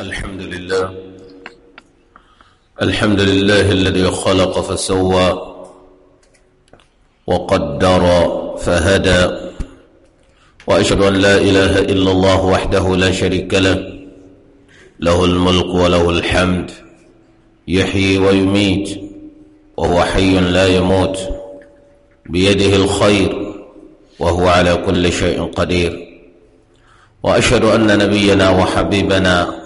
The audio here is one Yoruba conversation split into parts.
الحمد لله الحمد لله الذي خلق فسوى وقدر فهدى وأشهد أن لا إله إلا الله وحده لا شريك له له الملك وله الحمد يحيي ويميت وهو حي لا يموت بيده الخير وهو على كل شيء قدير وأشهد أن نبينا وحبيبنا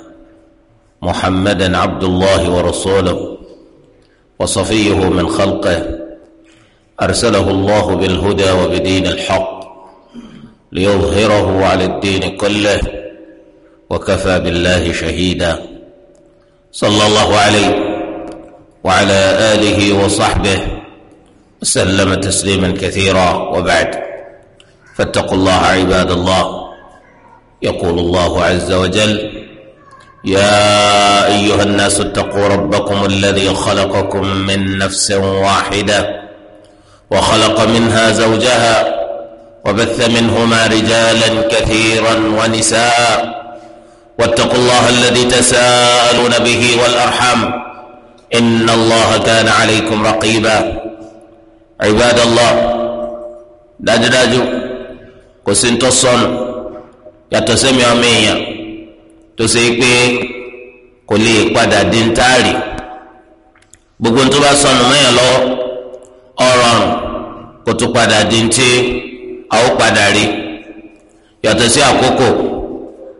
محمدا عبد الله ورسوله وصفيه من خلقه ارسله الله بالهدى وبدين الحق ليظهره على الدين كله وكفى بالله شهيدا صلى الله عليه وعلى اله وصحبه وسلم تسليما كثيرا وبعد فاتقوا الله عباد الله يقول الله عز وجل يا ايها الناس اتقوا ربكم الذي خلقكم من نفس واحده وخلق منها زوجها وبث منهما رجالا كثيرا ونساء واتقوا الله الذي تساءلون به والارحام ان الله كان عليكم رقيبا عباد الله dájúdájú kò sí ń tó tó ṣe pé kò lè padà di ń taari gbogbo tó bá sọnù mẹ́yàn lọ ọ̀rọ̀rùn kò tún padà di ń tí a ó padà rí yàtọ̀ sí àkókò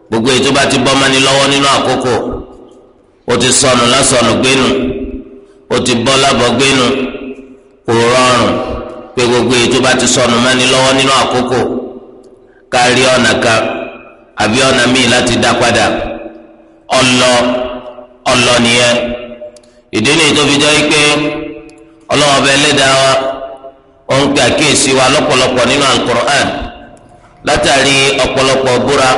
gbogbo èyí tó bá ti bọ́ mọ́ni lọ́wọ́ nínú àkókò ó ti sọnù lásọnù gbénu ó ti bọ́ lábọ̀ gbénu kò rọrùn pé gbogbo èyí bá ti sọnù mọ́ni lọ́wọ́ nínú àkókò ká ọ̀nà kan àbí ọ̀nà míì láti dá padà ọlọ ọlọ nìyẹn ìdí ni ìtòfi jẹ́ pé ọlọ́wọ́ bẹ lẹ́dàá wa ó ń gbà kíyèsí wa lọ́pọ̀lọpọ̀ nínú alukur'an látàrí ọ̀pọ̀lọpọ̀ búra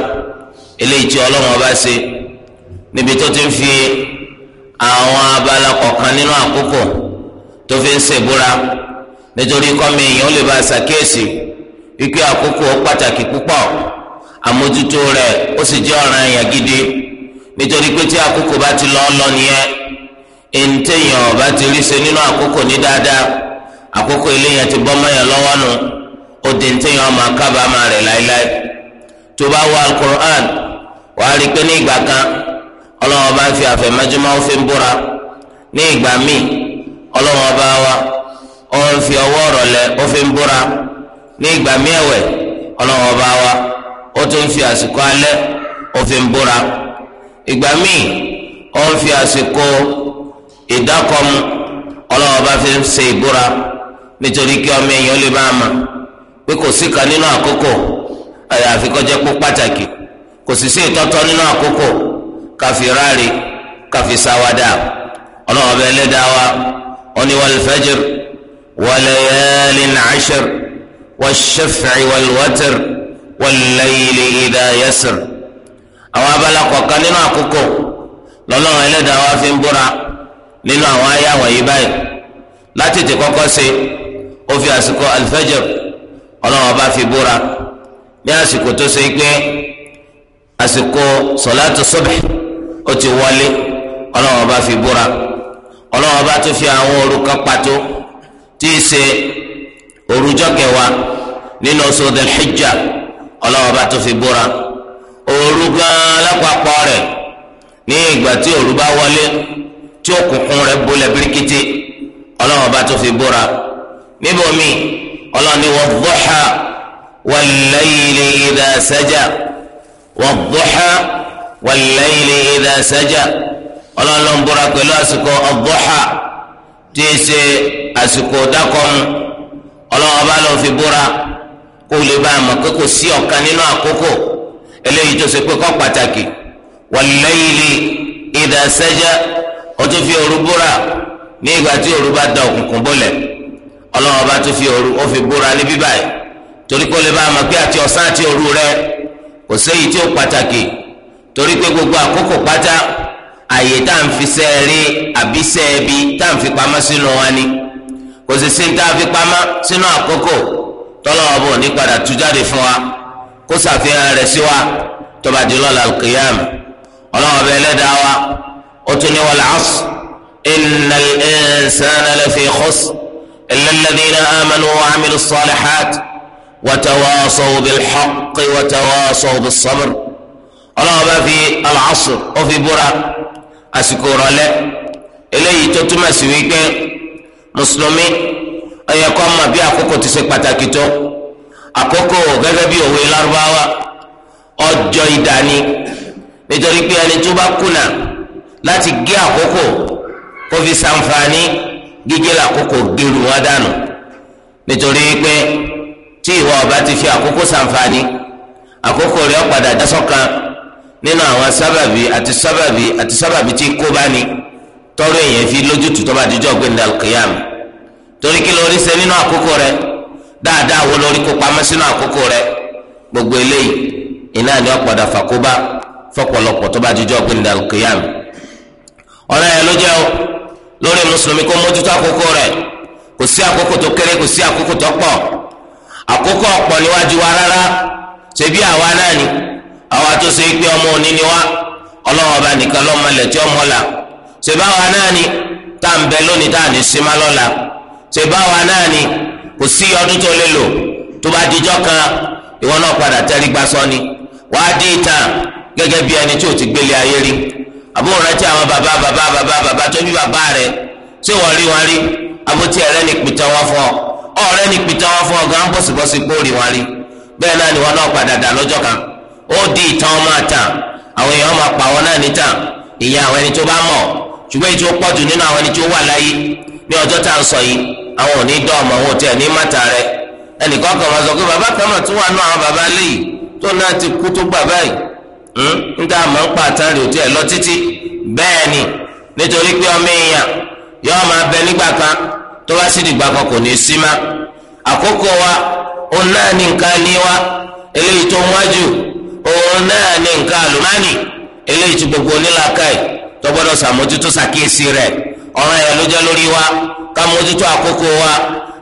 eléyìí tí ọlọ́wọ́ bá ṣe níbi tó ti ń fi àwọn abala kọ̀ọ̀kan nínú àkókò tó fi ń ṣèbúra nítorí kọ́mi èèyàn ó lè bá ṣàkíyèsí wípé àkókò ó pàtàkì púpọ̀. àmójútó rẹ̀ ó sì jẹ́ ọ̀ràn yẹn gidi nítorí pé tí àkókò bá ti lọ lọ nìyẹn èntèèyàn ọba ti rí ṣe nínú àkókò ní dáadáa àkókò eléyàn ti bọ́ mọ́yàn lọ́wọ́ nu ó di èntèèyàn máa kábàámà rẹ̀ láéláé tó bá wọ alukur'an wàá rí i pé ní ìgbà kan ọlọ́wọ́ bá ń fi àfẹ̀mẹ́júmọ́ ó fi ń búra ní ìgbà míì bá wa ó ń fi ọwọ́ rọ̀lẹ́ ó ó tún ń fi àsìkò alẹ́ ó fi ń búra ìgbà míì ó ń fi àsìkò ìdákọ̀mu ọlọ́wọ́ bá fi ń ṣe ìbúra nítorí kí ọmọ èèyàn lè máa mà pé kò sí kan nínú àkókò àyàfi kó jẹ́ pé pàtàkì kò sì sí ìtọ́tọ́ nínú àkókò káfi ráre káfi sáwádà ọlọ́wọ́ bá ẹlẹ́dàá wa ó ní wal fajr wa layalin ashr wash shaf'i wal watr wal-layli idha yasr àwọn abala kọ̀ọ̀kan nínú àkókò lọ́lọ́run ẹlẹ́dàá wa fi ń búra nínú àwọn ayé àwọn yìí báyìí láti ti kọ́kọ́ ṣe ó fi àsìkò alifẹ́jọ ọlọ́run ọba fi búra ní àsìkò tó ṣe pé àsìkò sọ̀láàtù subhi ó ti wọlé ọlọ́run ọba fi búra ọlọ́run ọba tó fi àwọn orúkọ pàtó tí í ṣe òrùjọ́ kẹwàá nínú oṣù Dhul ọlọ́wọ́ bá tó fi búra òru gan lápapọ̀ rẹ̀ ní ìgbà tí òru bá wọlé tí òkùnkùn rẹ̀ bolẹ̀ birikiti ọlọ́wọ́ bá tó fi búra níbòmí ọlọ́ni wad-duha wal-layli idha saja wad-duha wal-layli idha saja ọlọ́ni ń búra pẹ̀lú àsìkò ad tí ì ṣe àsìkò dákọ̀ọ́nù ọlọ́wọ́ bá fi búra. kó lè bá a mọ̀ pé kò sí ọ̀kan nínú àkókò eléyìí tó ṣe pé kọ́ pàtàkì wal-layli fi òru búra ní ìgbà tí da òkùnkùn bọ́lẹ̀ bá fi ó fi búra torí kó lè bá a mọ̀ pé àti ọ̀sán àti rẹ kò séyìí tí ó pàtàkì torí pé gbogbo àkókò pátá àyè tá à ń fi sẹ́ẹ̀rí àbí sẹ́ẹ̀bi tá à ń fi pamọ́ sínú wa ni kò tọ́lọ́wọ́ bò ní padà tú jáde fún wa kó ṣàfihàn rẹ̀ sí wa tó bá di lọ́la alqiyam ọlọ́wọ́ bẹ ẹlẹ́dàá wa ó tún ní wal asr innal insana lafi khusr illa alladhina amanu wa amilu salihat wa tawasaw bil haqqi wa tawasaw bis sabr ọlọ́wọ́ bá fi al asr ó fi búra àsìkò rọlẹ́ eléyìí tó túmọ̀ sí wípé mùsùlùmí ẹyẹ kọ́ ma bí àkókò ti ṣe pàtàkì tó àkókò gẹ́gẹ́ bí òwe lárúbáwá ọjọ́ ìdání nítorí pé ẹni tó bá kùnà láti gé àkókò kó fi ṣàǹfààní gígé làkókò gèrú wọn dànù nítorí pé tí ìwọ ọba ti fi àkókò ṣàǹfààní àkókò rẹ̀ ọ̀padà dásọ̀kan nínú àwọn sábàbí àti sábàbí àti sábàbí tí kò bá tọrọ èèyàn fi lójútùú tó bá dijọ́ gbẹ̀ndàlùkìyàmù torí kí lórí ṣe nínú àkókò rẹ dáadáa wo lórí kó pamọ́ sínú àkókò rẹ gbogbo eléyìí iná ni ọ̀pọ̀dà fàkóbá fọ̀pọ̀lọpọ̀ tó bá jíjọ́ gbẹ̀ndà kìyàm ọ̀rẹ́ yẹn ló jẹ́ o lórí mùsùlùmí kó mójútó àkókò rẹ kò sí àkókò tó kéré kò sí àkókò tó pọ̀ àkókò ọ̀pọ̀ níwájú wa rárá ṣebí àwa náà ni àwa tó ṣe pé ọmọ òní ni wa ọlọ́wọ́ bá nìkan lọ́mọlẹ̀ tí ọmọ là ṣebí àwa náà ni tá à ń bẹ lónìí tá à ní símá lọ́la ṣe báwa náà ni kò sí ọdún tó lè lò tó bá dijọ́ kan ìwọ náà padà tẹ́rí gba sọ ni wàá dín ìtàn gẹ́gẹ́ bí ẹni tí ò ti gbélé ayé rí àbúrò rántí àwọn bàbá bàbá bàbá bàbá tó bí bàbá rẹ ṣé wọ́n rí wọn rí abótí ẹ̀rẹ́ ni pìtàn wọn fún ọ ọ̀rẹ́ ni pìtàn wọn fún ọ gan bọ́sibọ́sí pé rí wọn rí bẹ́ẹ̀ náà ni wọn náà padà dà lọ́jọ́ kan ó di ìtàn ọmọ àtàn àwọn èèyàn máa pa wọn náà níta ìyẹn àwọn ẹni tó bá mọ̀ ṣùgbọ́n èyí pọ̀jù nínú àwọn ẹni tó wà láyé ní ọjọ́ tá à ń sọ yìí àwọn òní dọ́ ọmọ wọn tiẹ̀ ní mọ́ta rẹ ẹnìkan kan máa sọ pé bàbá kan mà tún wà nù àwọn bàbá tó náà ti kú tó gbà báyìí ń tá a máa ń pa lọ títí bẹ́ẹ̀ ni nítorí pé ọmọ èèyàn yọ máa bẹ nígbà kan tó bá sì dìgbà kan kò sí ma àkókò wa òun náà ní wa eléyìí tó ń wájú òun náà ní nǹkan eléyìí gbogbo onílàkàì tó sàmójútó sàkíyèsí ọ̀ràn yẹn ló jẹ́ lórí wa ká mójútó àkókò wa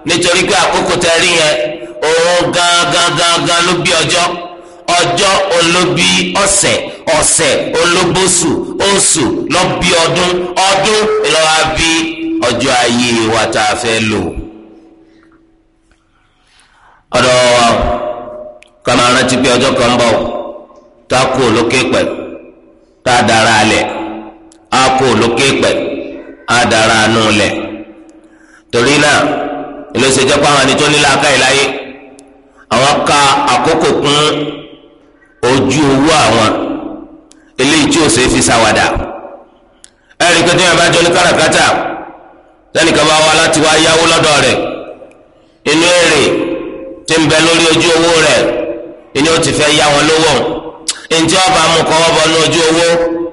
nítorí pé àkókò tẹ yẹn òun gangan gangan ló bí ọjọ ọjọ olóbi ọsẹ ọsẹ olóbóṣù oṣù ló bí ọdún ọdún ìlọ́wà bí ọjọ́ ayé wa tá a fẹ́ lò. ọ̀dọ̀ wa ká máa rántí pé ọjọ́ kan bọ̀ tá a olókè adara anu àánú torí náà èlò ìṣèjọ́ pa àwọn ẹni àwọn ka àkókò kún ojú owó àwọn eléyìí tí ò fi ṣàwàdà ẹ̀rí pé tí wọ́n bá jọ ní káràkátà lẹ́nìkan bá wa láti wá yáwó lọ́dọ̀ rẹ̀ inú èrè tí ń bẹ lórí ojú owó rẹ̀ inú ó ti fẹ́ yá wọn lówó ntí mú kọ́ ní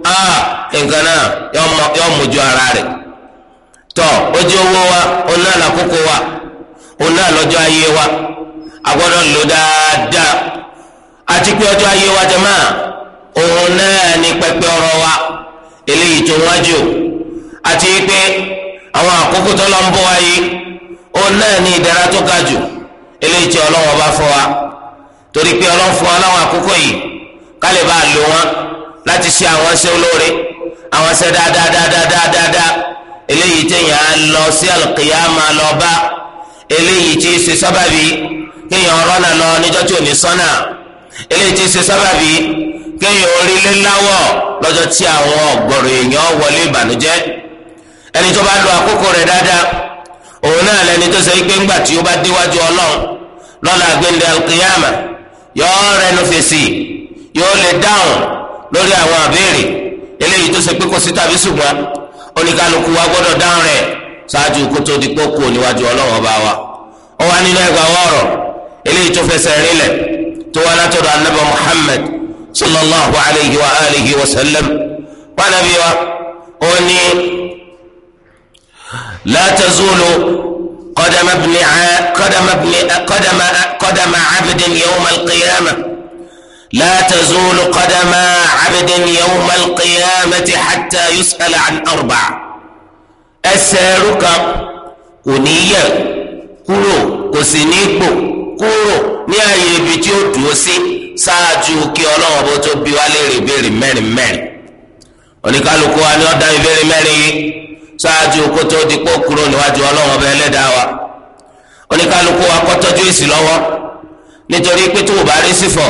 ah nǹkan náà yọ ara rẹ̀ tọ ojú owó wa oná àlàkókò wa oná àlọ́jọ́ ayé wa a gbọ́dọ̀ lò dáadáa àti pé ọjọ́ ayé wa jẹ́mọ́ òun náà ní pẹpẹ ọrọ wa eléyìí tó wájú àti pé àwọn àkókò tó lọ ń wáyé òun náà ní ìdára tó ga jù eléyìí tí ọlọ́wọ́ bá wa torí pé àkókò yìí lò wọn láti ṣe àwọn ṣe olóore àwọn ṣe dáadáa dáadáa dáadáa eléyìí téèyàn á lọ sí alùkìyàmà lọ bá eléyìí tí í ṣe sábàbí kéèyàn rọ́nà lọ níjọ́ tí ò ní sọ́nà eléyìí tí í ṣe sábàbí kéèyàn orílẹ̀ láwọ̀ lọ́jọ́ tí àwọn ọ̀gbọ̀rọ̀ èèyàn wọlé ìbànújẹ́ ẹni tó bá lo àkókò rẹ̀ dáadáa òun náà lẹni tó ṣe pé ńgbà tí ó bá déwájú ọlọ́run lọ́la gbẹ̀ndẹ̀ alùkìyàmà yóò rẹnu fèsì yóò lè dáhùn lórí àwọn àbẹ́rẹ́ eléyìí tó ṣe pé kò sí tàbí ṣùgbọ́n oníkálukú wa gbọ́dọ̀ dáhùn rẹ̀ ṣáájú kótó di kókó níwájú Ọlọ́run ọba wa ó wà nínú ẹgbàá wọrọ eléyìí tó fẹsẹ̀ rinlẹ̀ tó wà látọ̀dọ̀ anábà Muhammad sallallahu alayhi wa alihi wa sallam wọn wa ó ní la tazulu qadama ibn qadama ibn qadama qadama abdin لا تزول قدم عبد يوم القيامة حتى يسأل عن أربع أسارك كنية كرو كسنيكو كرو نيا يبتيو توسي ساجو كي الله بوتو بيوالي بيري مين مين oníkálukú wa ni ọ̀dà ìbéèrè mẹ́rin yìí ṣáájú kótó dikpó kúrò níwájú ọlọ́wọ́ bẹ́ẹ̀ lẹ́dàá wa oníkálukú wa kọ́tọ́jú èsì lọ́wọ́ nítorí pé tó o bá rí sí fọ́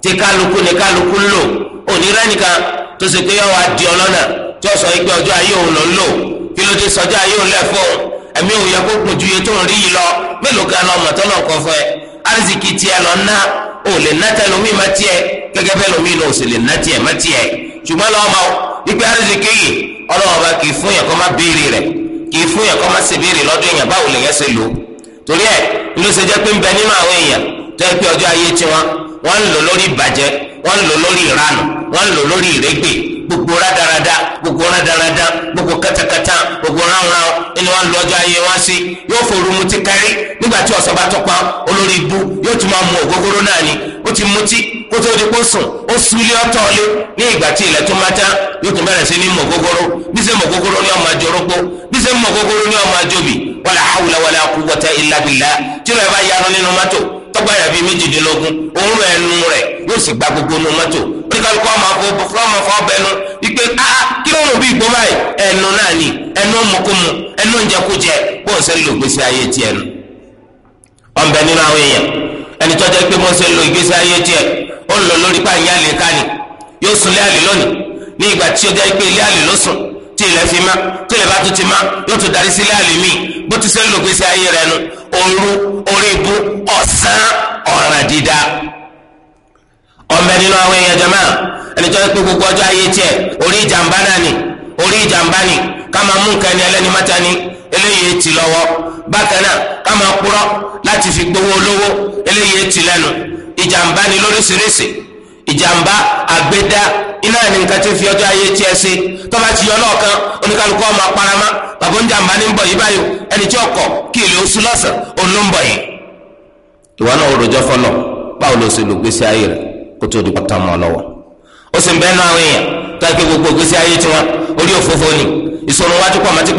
tí kálukú ni kálukú ń lò onírẹ́ nìkan tó ṣe pé yọ̀wá di ọlọ́nà tí ó sọ pé ọjọ́ ayé òun ló ń lò kí ló dé sọjọ́ ayé òun lẹ̀ fún ẹ̀mí òun yẹ kó gùn ju iye tó ń rí yìí lọ mélòó kan lọ mọ̀tọ́ náà kọ́ fún ẹ arzikì tiẹ̀ lọ ná ò lè ná tẹ lómi má tiẹ̀ gẹ́gẹ́ bẹ́ẹ̀ lómi náà ò sì lè ná tiẹ̀ má tiẹ̀ ṣùgbọ́n lọ́wọ́ ma arzikì yìí ọlọ́wọ́ kì í fún yẹn kọ́ má béèrè rẹ̀ kì í fún yẹn kọ́ má ṣe béèrè lọ́dún yẹn báwo lè yẹn ṣe lò torí ẹ̀ ló ṣe pé ń bẹ nínú àwọn èèyàn tó pé ọjọ́ ayé tiwọn wọ́n ń lò lórí ìbàjẹ́ wọ́n ń lò lórí ìranù wọ́n ń lò lórí ìrégbè gbogbo rádaràda gbogbo gbogbo katakata gbogbo ránran ẹni wọ́n ń lo ọjọ́ ayé wọn sí yóò fòrò mutí kárí nígbà tí ọ̀sán bá tọ́pa olórí ibú yóò tún ti mutí kó tó di kó sùn ó súlé ọtọ lé ní ìgbà tí ilẹ̀ tó tá yóò tún bẹ̀rẹ̀ ni ọmọ bí sẹ́ mọ̀ ni ọmọ àjọbì wàlà wàlà tí ó lọ tọ́gbà yàbí méjìdínlógún òun rẹ̀ nu rẹ̀ yóò sì gba gbogbo nu mọ́tò oníkálukú ọmọ afọ fúlọ́mọ fọ bẹnu wípé aa ah, ah, kí ló ń bí ìgbó báyìí ẹnu náà ni ẹnu mọ̀kúmu ẹnu ìjẹkújẹ bó ń ṣe lò gbèsè ayé tiẹ̀ nu. ọ̀nbẹ nínú àwọn èèyàn ẹni tó jẹ́ pé bó ń ṣe lò ìgbésí ayé tiẹ̀ ó ń lọ lórí pààyàn àlè kánì yóò sùn lé àlè lónìí ní ìgbà tí ó jẹ́ pé ilé àlè ló Oru oríbu ọ̀sán ọ̀ràn dídá ọmọ nínú àwọn èèyàn jama ẹni tó ń pè gbogbo ọjọ́ ayé tiẹ̀ orí ìjàmbá náà ni orí ìjàmbá ni ká máa mú nǹkan ẹni ẹlẹ́ni mọ́ta fi gbowó olówó eléyìí ti lẹ́nu ìjàmbá ni lóríṣiríṣi ìjàmbá àgbéda iná ní nǹkan tí fi ọjọ́ ayé tiẹ̀ ṣe tọ́ba ti yọ lọ́ọ̀kan oníkálukú ọmọ aparama bàbá oníjàmbá ní ń bọ̀ yìí báyìí ẹni tí ọkọ̀ kí ilé oṣù lọ́sàn òun ló ń bọ̀ yìí. ìwọ náà rojọ́ fọlọ́ báwo ló ṣe lò gbèsè ayé rẹ̀ kó tó di pátá mọ́ lọ́wọ́. ó sì ń bẹ́ẹ̀ náà wíyàn káàkiri gbogbo gbèsè ayé tiwọn orí òfófó ni ìṣòro wájú pọ̀ mọ́tí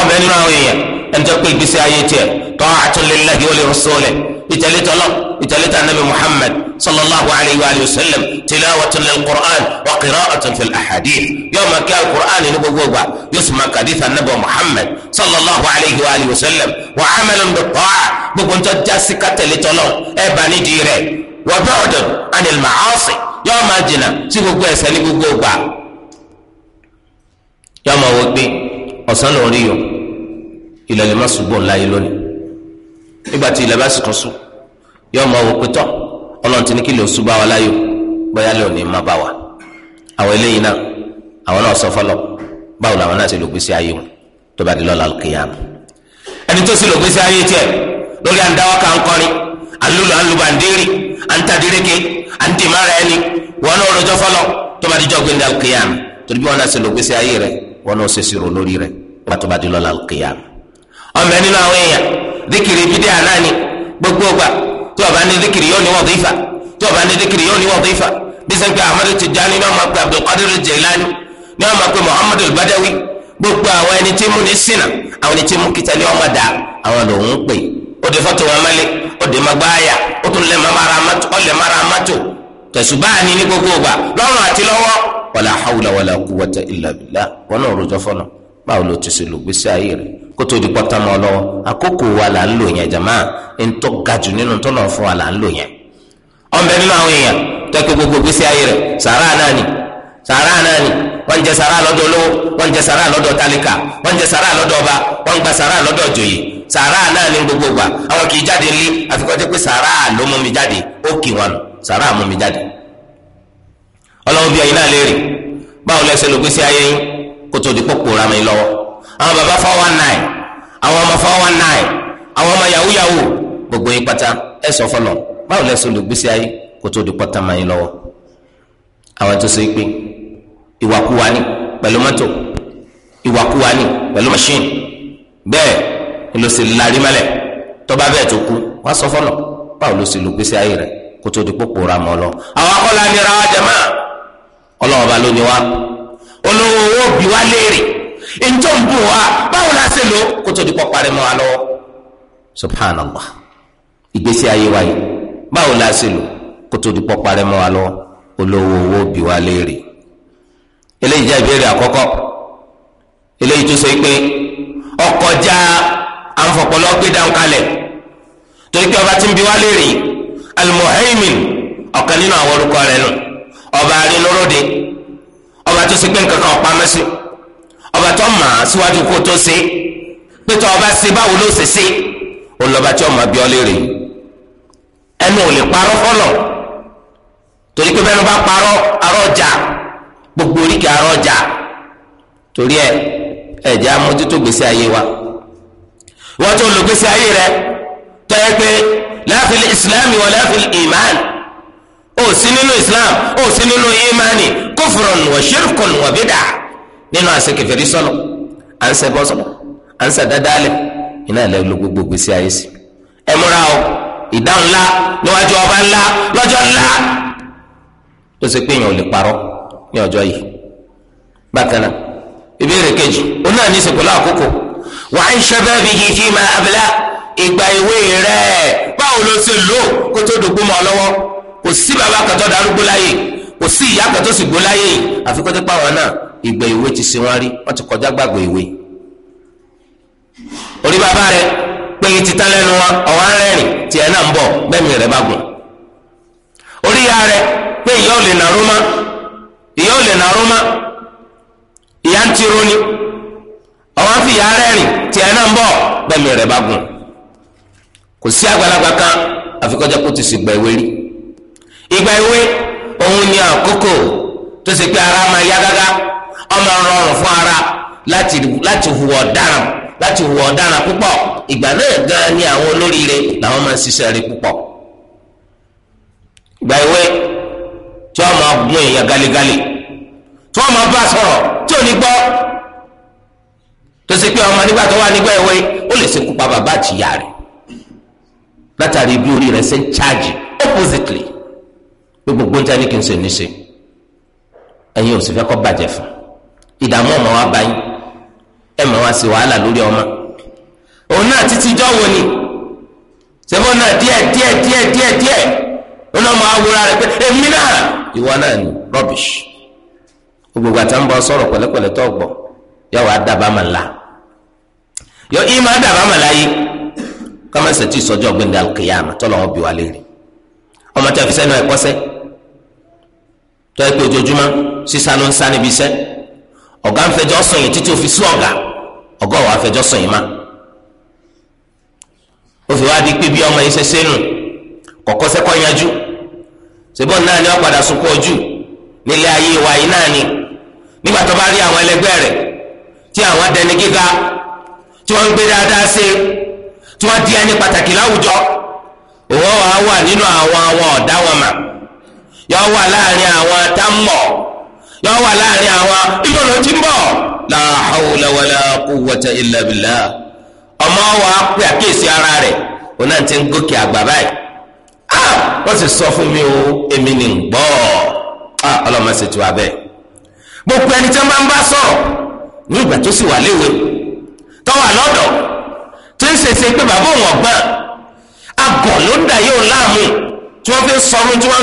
ọbẹ̀ nínú àwọn èèyàn ẹni tó pé ìgbésí ayé tiẹ̀ ta'atun lillahi wa li rasulihi ìtẹ̀lé tọ́lọ́ ìtẹ̀lé tà nàbì Muhammad sallallahu alayhi wa sallam tilawatun lil qur'an wa qira'atun fil ahadith yóò máa kí al qur'an ní gbogbo gbà yóò sì máa kàdí tà nàbì Muhammad sallallahu alayhi wa sallam wa amalun bi ta'a gbogbo ntọ́ jásí ká tẹ̀lé tọ́lọ́ ẹ̀ bá nídìí rẹ̀ wa bu'dun anil ma'asi yóò máa jìnnà sí gbogbo ẹ̀ṣẹ̀ ní gbogbo gbà yóò máa wọ gbé. ọ̀sán lọ rí yọ ilẹ̀ lè má ṣùgbọ́n láyé lónìí nígbà tí ilẹ̀ bá sì tún sùn yóò mọ òwò pétọ́ ọlọ́run ti ní kí lè sùn bá wa láyò bóyá lè òní má bá wa àwọn eléyìí náà àwọn náà sọ fọlọ báwo làwọn náà ti lò gbèsè ayé wọn tó bá di lọ́la kìyàm ẹni tó sì lò gbèsè ayé tiẹ̀ lórí àǹdáwọ́ kan kọrin àlùlù àlùbàndérì àǹtàdéréke àǹtìmárà ẹni wọn náà rọjò fọlọ tó bá di jọ gbẹndà kìyàm torí bí wọn náà sì lò gbèsè ayé rẹ̀ wọn náà ṣèṣì rò lórí rẹ̀ pàtó bá di lọ́la al-qiyam. ọmọ nínú àwọn èèyàn díkìrì bídẹ́ àná ni gbogbo gbà tí ó bá ní díkìrì yóò ní wadifa tí ó ní díkìrì yóò ní wadifa bí sẹ́ńkì Ahmadu Tijani ní ọmọ pé Abdulkadir Jailani ní ọmọ pé Muhammadu al gbogbo àwọn ẹni tí mú ní sinà àwọn ẹni tí mú kìtà ní ọmọ dà àwọn lòun pè ó di fọ́tò wọn mẹ́lẹ́ ó di magbáyà ó tún lẹ́ mara mọ́tò tẹ̀sùbáà ní ní gbogbo gbà lọ́rùn àti lọ́wọ́ wàlà hawla wàlà quwwata illa billah wọn náà rojọ́ fọlọ́ báwo ló ti ṣe lògbésí ayé rẹ̀ kó tó di pọ́tà mọ́ lọ́wọ́ àkókò wa là ń lò yẹn jàmáà ń tọ́ ga jù nínú tọ́lọ̀ fún wa là ń lò yẹn. ọ̀nbẹ nínú àwọn èèyàn tẹ́kọ̀ gbogbo gbèsè ayé rẹ̀ sàrà náà ni sàrà náà ni wọ́n jẹ sàrà lọ́dọ̀ olówó wọ́n jẹ sàrà lọ́dọ̀ tálíkà wọ́n jẹ sàrà lọ́dọ̀ ọba wọ́n gba sàrà lọ́dọ̀ jòyè sàrà náà ni gbogbo gbà àwọn kì í jáde lé àfikọ́jẹ́ pé sàrà ló mú mi jáde ó kì wọn sàrà mú mi jáde ọlọ́wọ́ bí ẹ̀yin náà léèrè báwo lẹ́sẹ̀ ló gbé sí ayé yín kó tó di pọ́pọ́ ra mi lọ́wọ́ àwọn baba four one nine àwọn ọmọ four one nine àwọn ọmọ yahoo yahoo gbogbo yín pátá ẹ sọ fọlọ báwo lẹ́sẹ̀ ló gbé sí ayé kó tó di pọ́tà máa yín lọ́wọ́ àwọn tó so yín pé ìwàkuwà ni pẹ̀lú mọ́tò ìwàkuwà ni pẹ̀lú machine bẹ́ẹ̀ ló sì larí tọ́ba bẹ́ẹ̀ tó kú wá sọ fọlọ báwo ló sì ló gbé ayé rẹ̀ kó tó di pọ́pọ́ ra mọ́ àwọn akọ́lá ni ra wa jẹ máa ọlọ́wọ́ ba ló ní wa olówó owó bí wa léèrè ntọ́ ń bù wa báwo la ṣe lò kó tó di kọ́ parí mọ́ wa lọ́wọ́ subhanallah ìgbésí ayé wa yìí báwo la ṣe lò kó tó di kọ́ parí mọ́ wa lọ́wọ́ olówó owó bí wa léèrè eléyìí jẹ́ ìbéèrè àkọ́kọ́ eléyìí tó ṣe pé ọkọjá àǹfọ̀pọ̀lọ́ gbé dáhùn kalẹ̀ torí pé ọba ti ń bi wa léèrè almuhaimin ọ̀kan nínú àwọn orúkọ rẹ̀ nù ọba arinúròde ọba tó ṣe pé nǹkan kan pamọ́ sí ọba tó mà á síwájú kó tó ṣe pété ọba ṣe báwo ló ṣe ṣe olọba tí ọmọ bí ọlẹ́ rè ẹnu ò lè parọ́ fọlọ̀ torí pé bẹ́ẹ̀ ló bá parọ́ arọ́ gbogbo oríkì arọ́ torí ẹ ẹ̀jẹ̀ amójútó gbèsè ayé wa wọ́n tó lò gbèsè ayé rẹ tọ́ pé la islam wa la fil o si ninu islam o si ninu imani kofurun wa shirkun wa bid'a ninu ase kefere sɔlɔ ansa bɔ sɔlɔ ansa dadaale ina lɛ lugu gbogbo si ayi si ɛmura o idahun la lɔjɔ ba nla!" lɔjɔ la o se kpe yan o kparo ni ɔjɔ yi bakana ibeere keji o naa ni sekola akoko wa an sɛbɛ bi yi ma abila igba iwe rɛ bawo lo se lo koto dugu ma lɔwɔ. kò sí bàbá kan tó darúgbó kò sí ìyá kan sì ìwé ti ṣe wọn rí wọ́n ti kọjá ìwé. orí bàbá rẹ péye ti tán lẹ́nu wọn ọ̀wá rẹ́rìn tiẹ̀ náà ń bọ̀ bẹ́ẹ̀ rẹ bá gùn. orí ìyá rẹ pé ìyá ò lè nàró mọ́ ìyá ò lè nàró mọ́ ìyá ń rẹ́rìn náà ìgbà èwe òun ni àkókò tó ṣe pé ara máa yá gágá ọmọ rọrùn fún ara láti hùwà ọ̀daràn láti hùwà ọ̀daràn púpọ̀ ìgbà náà gan ni àwọn olóríire làwọn máa ṣiṣẹ́ rí púpọ̀ ìgbà èwe tí wọ́n máa galigali tí wọ́n máa bá sọ̀rọ̀ tí ò ní gbọ́ tó ṣe pé ọmọ nígbà tó wà nígbà èwe ó lè ṣekú pa bàbá àtìyá rẹ̀ pé gbogbo ń ta ní ṣe níṣe ẹ̀yin ò sì fẹ́ kọ́ bàjẹ́ fún ìdààmú ọmọ wa bá yín ẹ̀ mọ̀ sí wàhálà lórí ọmọ òun náà títí jọ́ wo ni sẹ́fọ́ náà díẹ̀ díẹ̀ òun náà pé èmi náà ìwọ náà ni rubbish gbogbo àti àwọn bá tó a fi tọ́ ẹ pé ojoojúmọ́ sísá ló ń sá níbi iṣẹ́ ọ̀gá ń fẹjọ́ yìí títí ó fi ọ̀gá ọ̀gá ọ̀wá fẹjọ́ sùn yìí má ó fi wá di pé bí ọmọ yìí ṣe ṣe nù kọ̀kọ́ sẹ́kọ́ yanjú ṣùgbọ́n náà ni wọ́n padà sunkún ojú nílé ayé wa yìí náà ni nígbà tó bá rí àwọn ẹlẹgbẹ́ rẹ̀ tí àwọn gíga tí yọọ wà láàrin àwọn táǹbọ̀ yọọ wà láàrin àwọn ìbọ̀lọ̀ ń bọ̀ la hawla wala quwwata illa ọmọ wa pé àkíyèsí ara rẹ̀ òun náà ti ń gòkè àgbà báyìí ah, wọ́n sì sọ fún mi o èmi ni ń a ah, ọlọ́mọ sì tu abẹ́ gbogbo ẹni tí wọ́n bá ń bá sọ̀rọ̀ ní ìgbà tó sì wà léwe tó wà lọ́dọ̀ tó ń ṣèṣe pé bàbá òun ọ̀gbọ́n agọ̀ ló ń dà yóò láàmú tí wọ́n fi ń sọ̀rọ̀ tí ń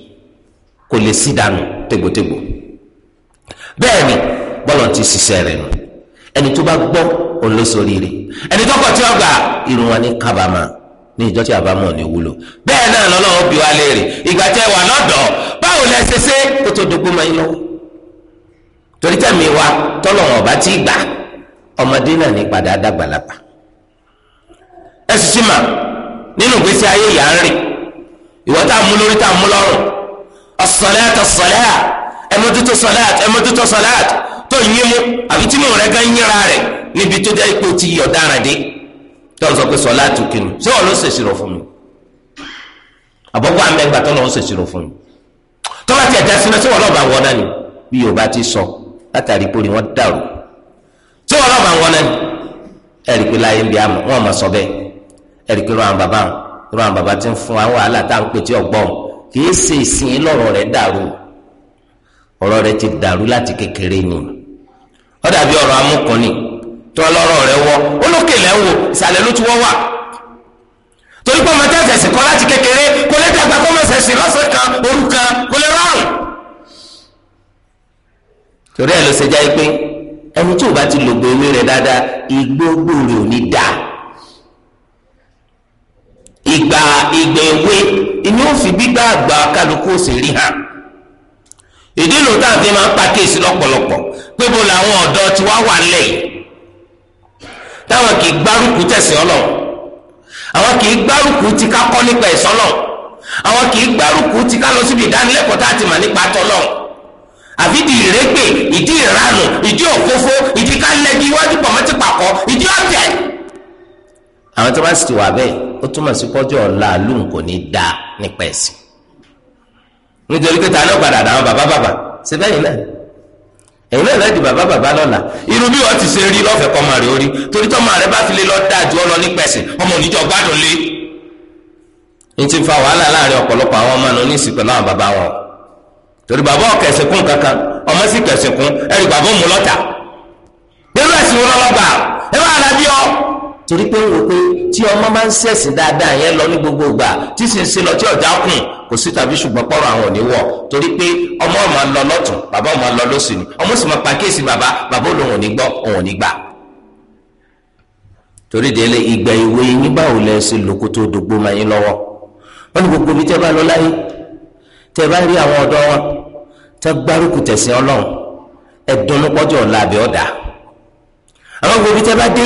kò lè sí dànù tégbòtégbò bẹ́ẹ̀ ni bọ́lọ̀ ti ṣiṣẹ́ rẹ̀ nù ẹni tó bá gbọ́ òun ló ṣoríire ẹni tó kọ̀ tí ó gbà irun wa ní kábàámà ní ìjọ tí àbámọ̀ ni wúlò bẹ́ẹ̀ náà lọ́lọ́wọ́ bí wa léèrè ìgbà tẹ́ wà lọ́dọ̀ báwo lẹ ṣe ṣe kó tó dogun máa ń torí tẹ̀mí wa tọ́lọ̀wọ̀n ọ̀bá tí gbà ọmọdé náà ní padà dàgbàlagbà ẹ sì sí mà nínú ìgbésí ayé ìyá ń rìn ìwọ tá a mú lórí tá a mú lọ́rùn as-salat as-salat ẹmọtótó salat ẹmọtótó salat tó ń yé mu àbí tí mo rẹ gán yíra rẹ níbi tó dé ipò tí yọ dára dé tó ń sọ pé salat kinu ṣé wọn ló ṣèṣirò fún mi àbọ̀kọ́ àmẹ́gbà tó lọ́wọ́ ṣèṣirò fún mi tọ́lá ti ẹ̀dá sinmi sí wọn lọ́ba wọn náà ni bí yorùbá ti sọ látàrí pé wọn dàrú sí wọn lọ́ba wọn náà ni ẹ̀rí pé láyé ń bí àmọ́ wọn máa sọ bẹ́ẹ̀ ẹ̀rí pé rọrùn bàbá rọrùn bàbá ti ń fún wa wàhálà tá à ń pè tí ọgbọ́n kìí ṣe ìsìn lọ́rọ̀ rẹ̀ dàrú ọ̀rọ̀ rẹ̀ ti dàrú láti kékeré ni ó dàbí ọ̀rọ̀ amúkùnrin tó lọ́rọ̀ rẹ̀ wọ olókè lẹ́wọ̀ ìsàlẹ̀ ló ti wọ́ wà torí pé ọmọ tẹ́sẹ̀ sì kọ́ láti kékeré kò lè dàgbà kó mọ̀ sẹ̀sìn lọ́sẹ̀ kan òru kan kò lè rọrùn. torí ẹ̀ ló ṣe jẹ́ pé ẹni tí ò bá ti lògbò ewé rẹ̀ dáadáa igbó gbòòrò ní dáa ìgbà ìgbà ìní ò fi gbígbà àgbà kálukú òsè rí hàn ìdí ló tá a fi máa ń pa kéèsì lọ́pọ̀lọpọ̀ pé bó làwọn ọ̀dọ́ ti wá wà lẹ̀ táwọn kì í gbárùkù tẹ̀sí ọlọ́run àwọn kì í gbárùkù ti ká kọ́ nípa ẹ̀sọ́ náà àwọn kì í gbárùkù ti ká lọ síbi ìdánilẹ́kọ̀ọ́ tá a ti mà nípa tọ́ náà àfi di ìrẹ́pẹ̀ ìdí ìranù ìdí òfófó ìdí kálẹ́dí iwájú pọ̀mọ́tì pàkọ́ ìdí ọ̀tẹ̀. àwọn tó bá sì ti wà bẹ́ẹ̀ ó túmọ̀ sí pọ́jọ́ ọ̀la lóhùn kò ní dáa nípa ẹ̀sìn nítorí pé ta ni padà dáhùn bàbá bàbá ṣe bẹ́ẹ̀ náà náà lẹ́dí bàbá bàbá lọ́la irú bí wọ́n ti ṣe rí lọ́fẹ̀ẹ́ kọ́mọ rẹ̀ orí torí ma rẹ̀ bá fi lé lọ dáa ju ọmọ oníjọ gbádùn lé n ti fa ọ̀pọ̀lọpọ̀ àwọn ọmọ torí bàbá kankan ọ torí pé wò pé tí ọmọ máa ń ṣẹ̀sìn dáadáa yẹn lọ ní gbogbo ìgbà tí sì ń ṣe lọ tí ọ̀já kùn kò sí tàbí ṣùgbọ́n pọ̀rọ̀ àwọn òní wọ̀ torí pé ọmọ máa lọ lọ́tún bàbá máa lọ lọ́sìn ni ọmọ sì máa pàkíyèsí bàbá bàbá òun òní gbọ́ òun òní gbà. torí délé ìgbà ìwé yín báwo lẹ ṣe lóko tó dògbò máa yín lọ́wọ́ wọn ni gbogbo ibi tẹ́ bá lọ láyé tẹ́ bá rí àwọn ọ̀dọ́ wọn tẹ́ gbárùkù tẹ̀sìn ọlọ́run ẹ̀dùnnú pọ́jọ́ ọ̀la àbẹ̀ àwọn gbogbo ibi tẹ́ bá dé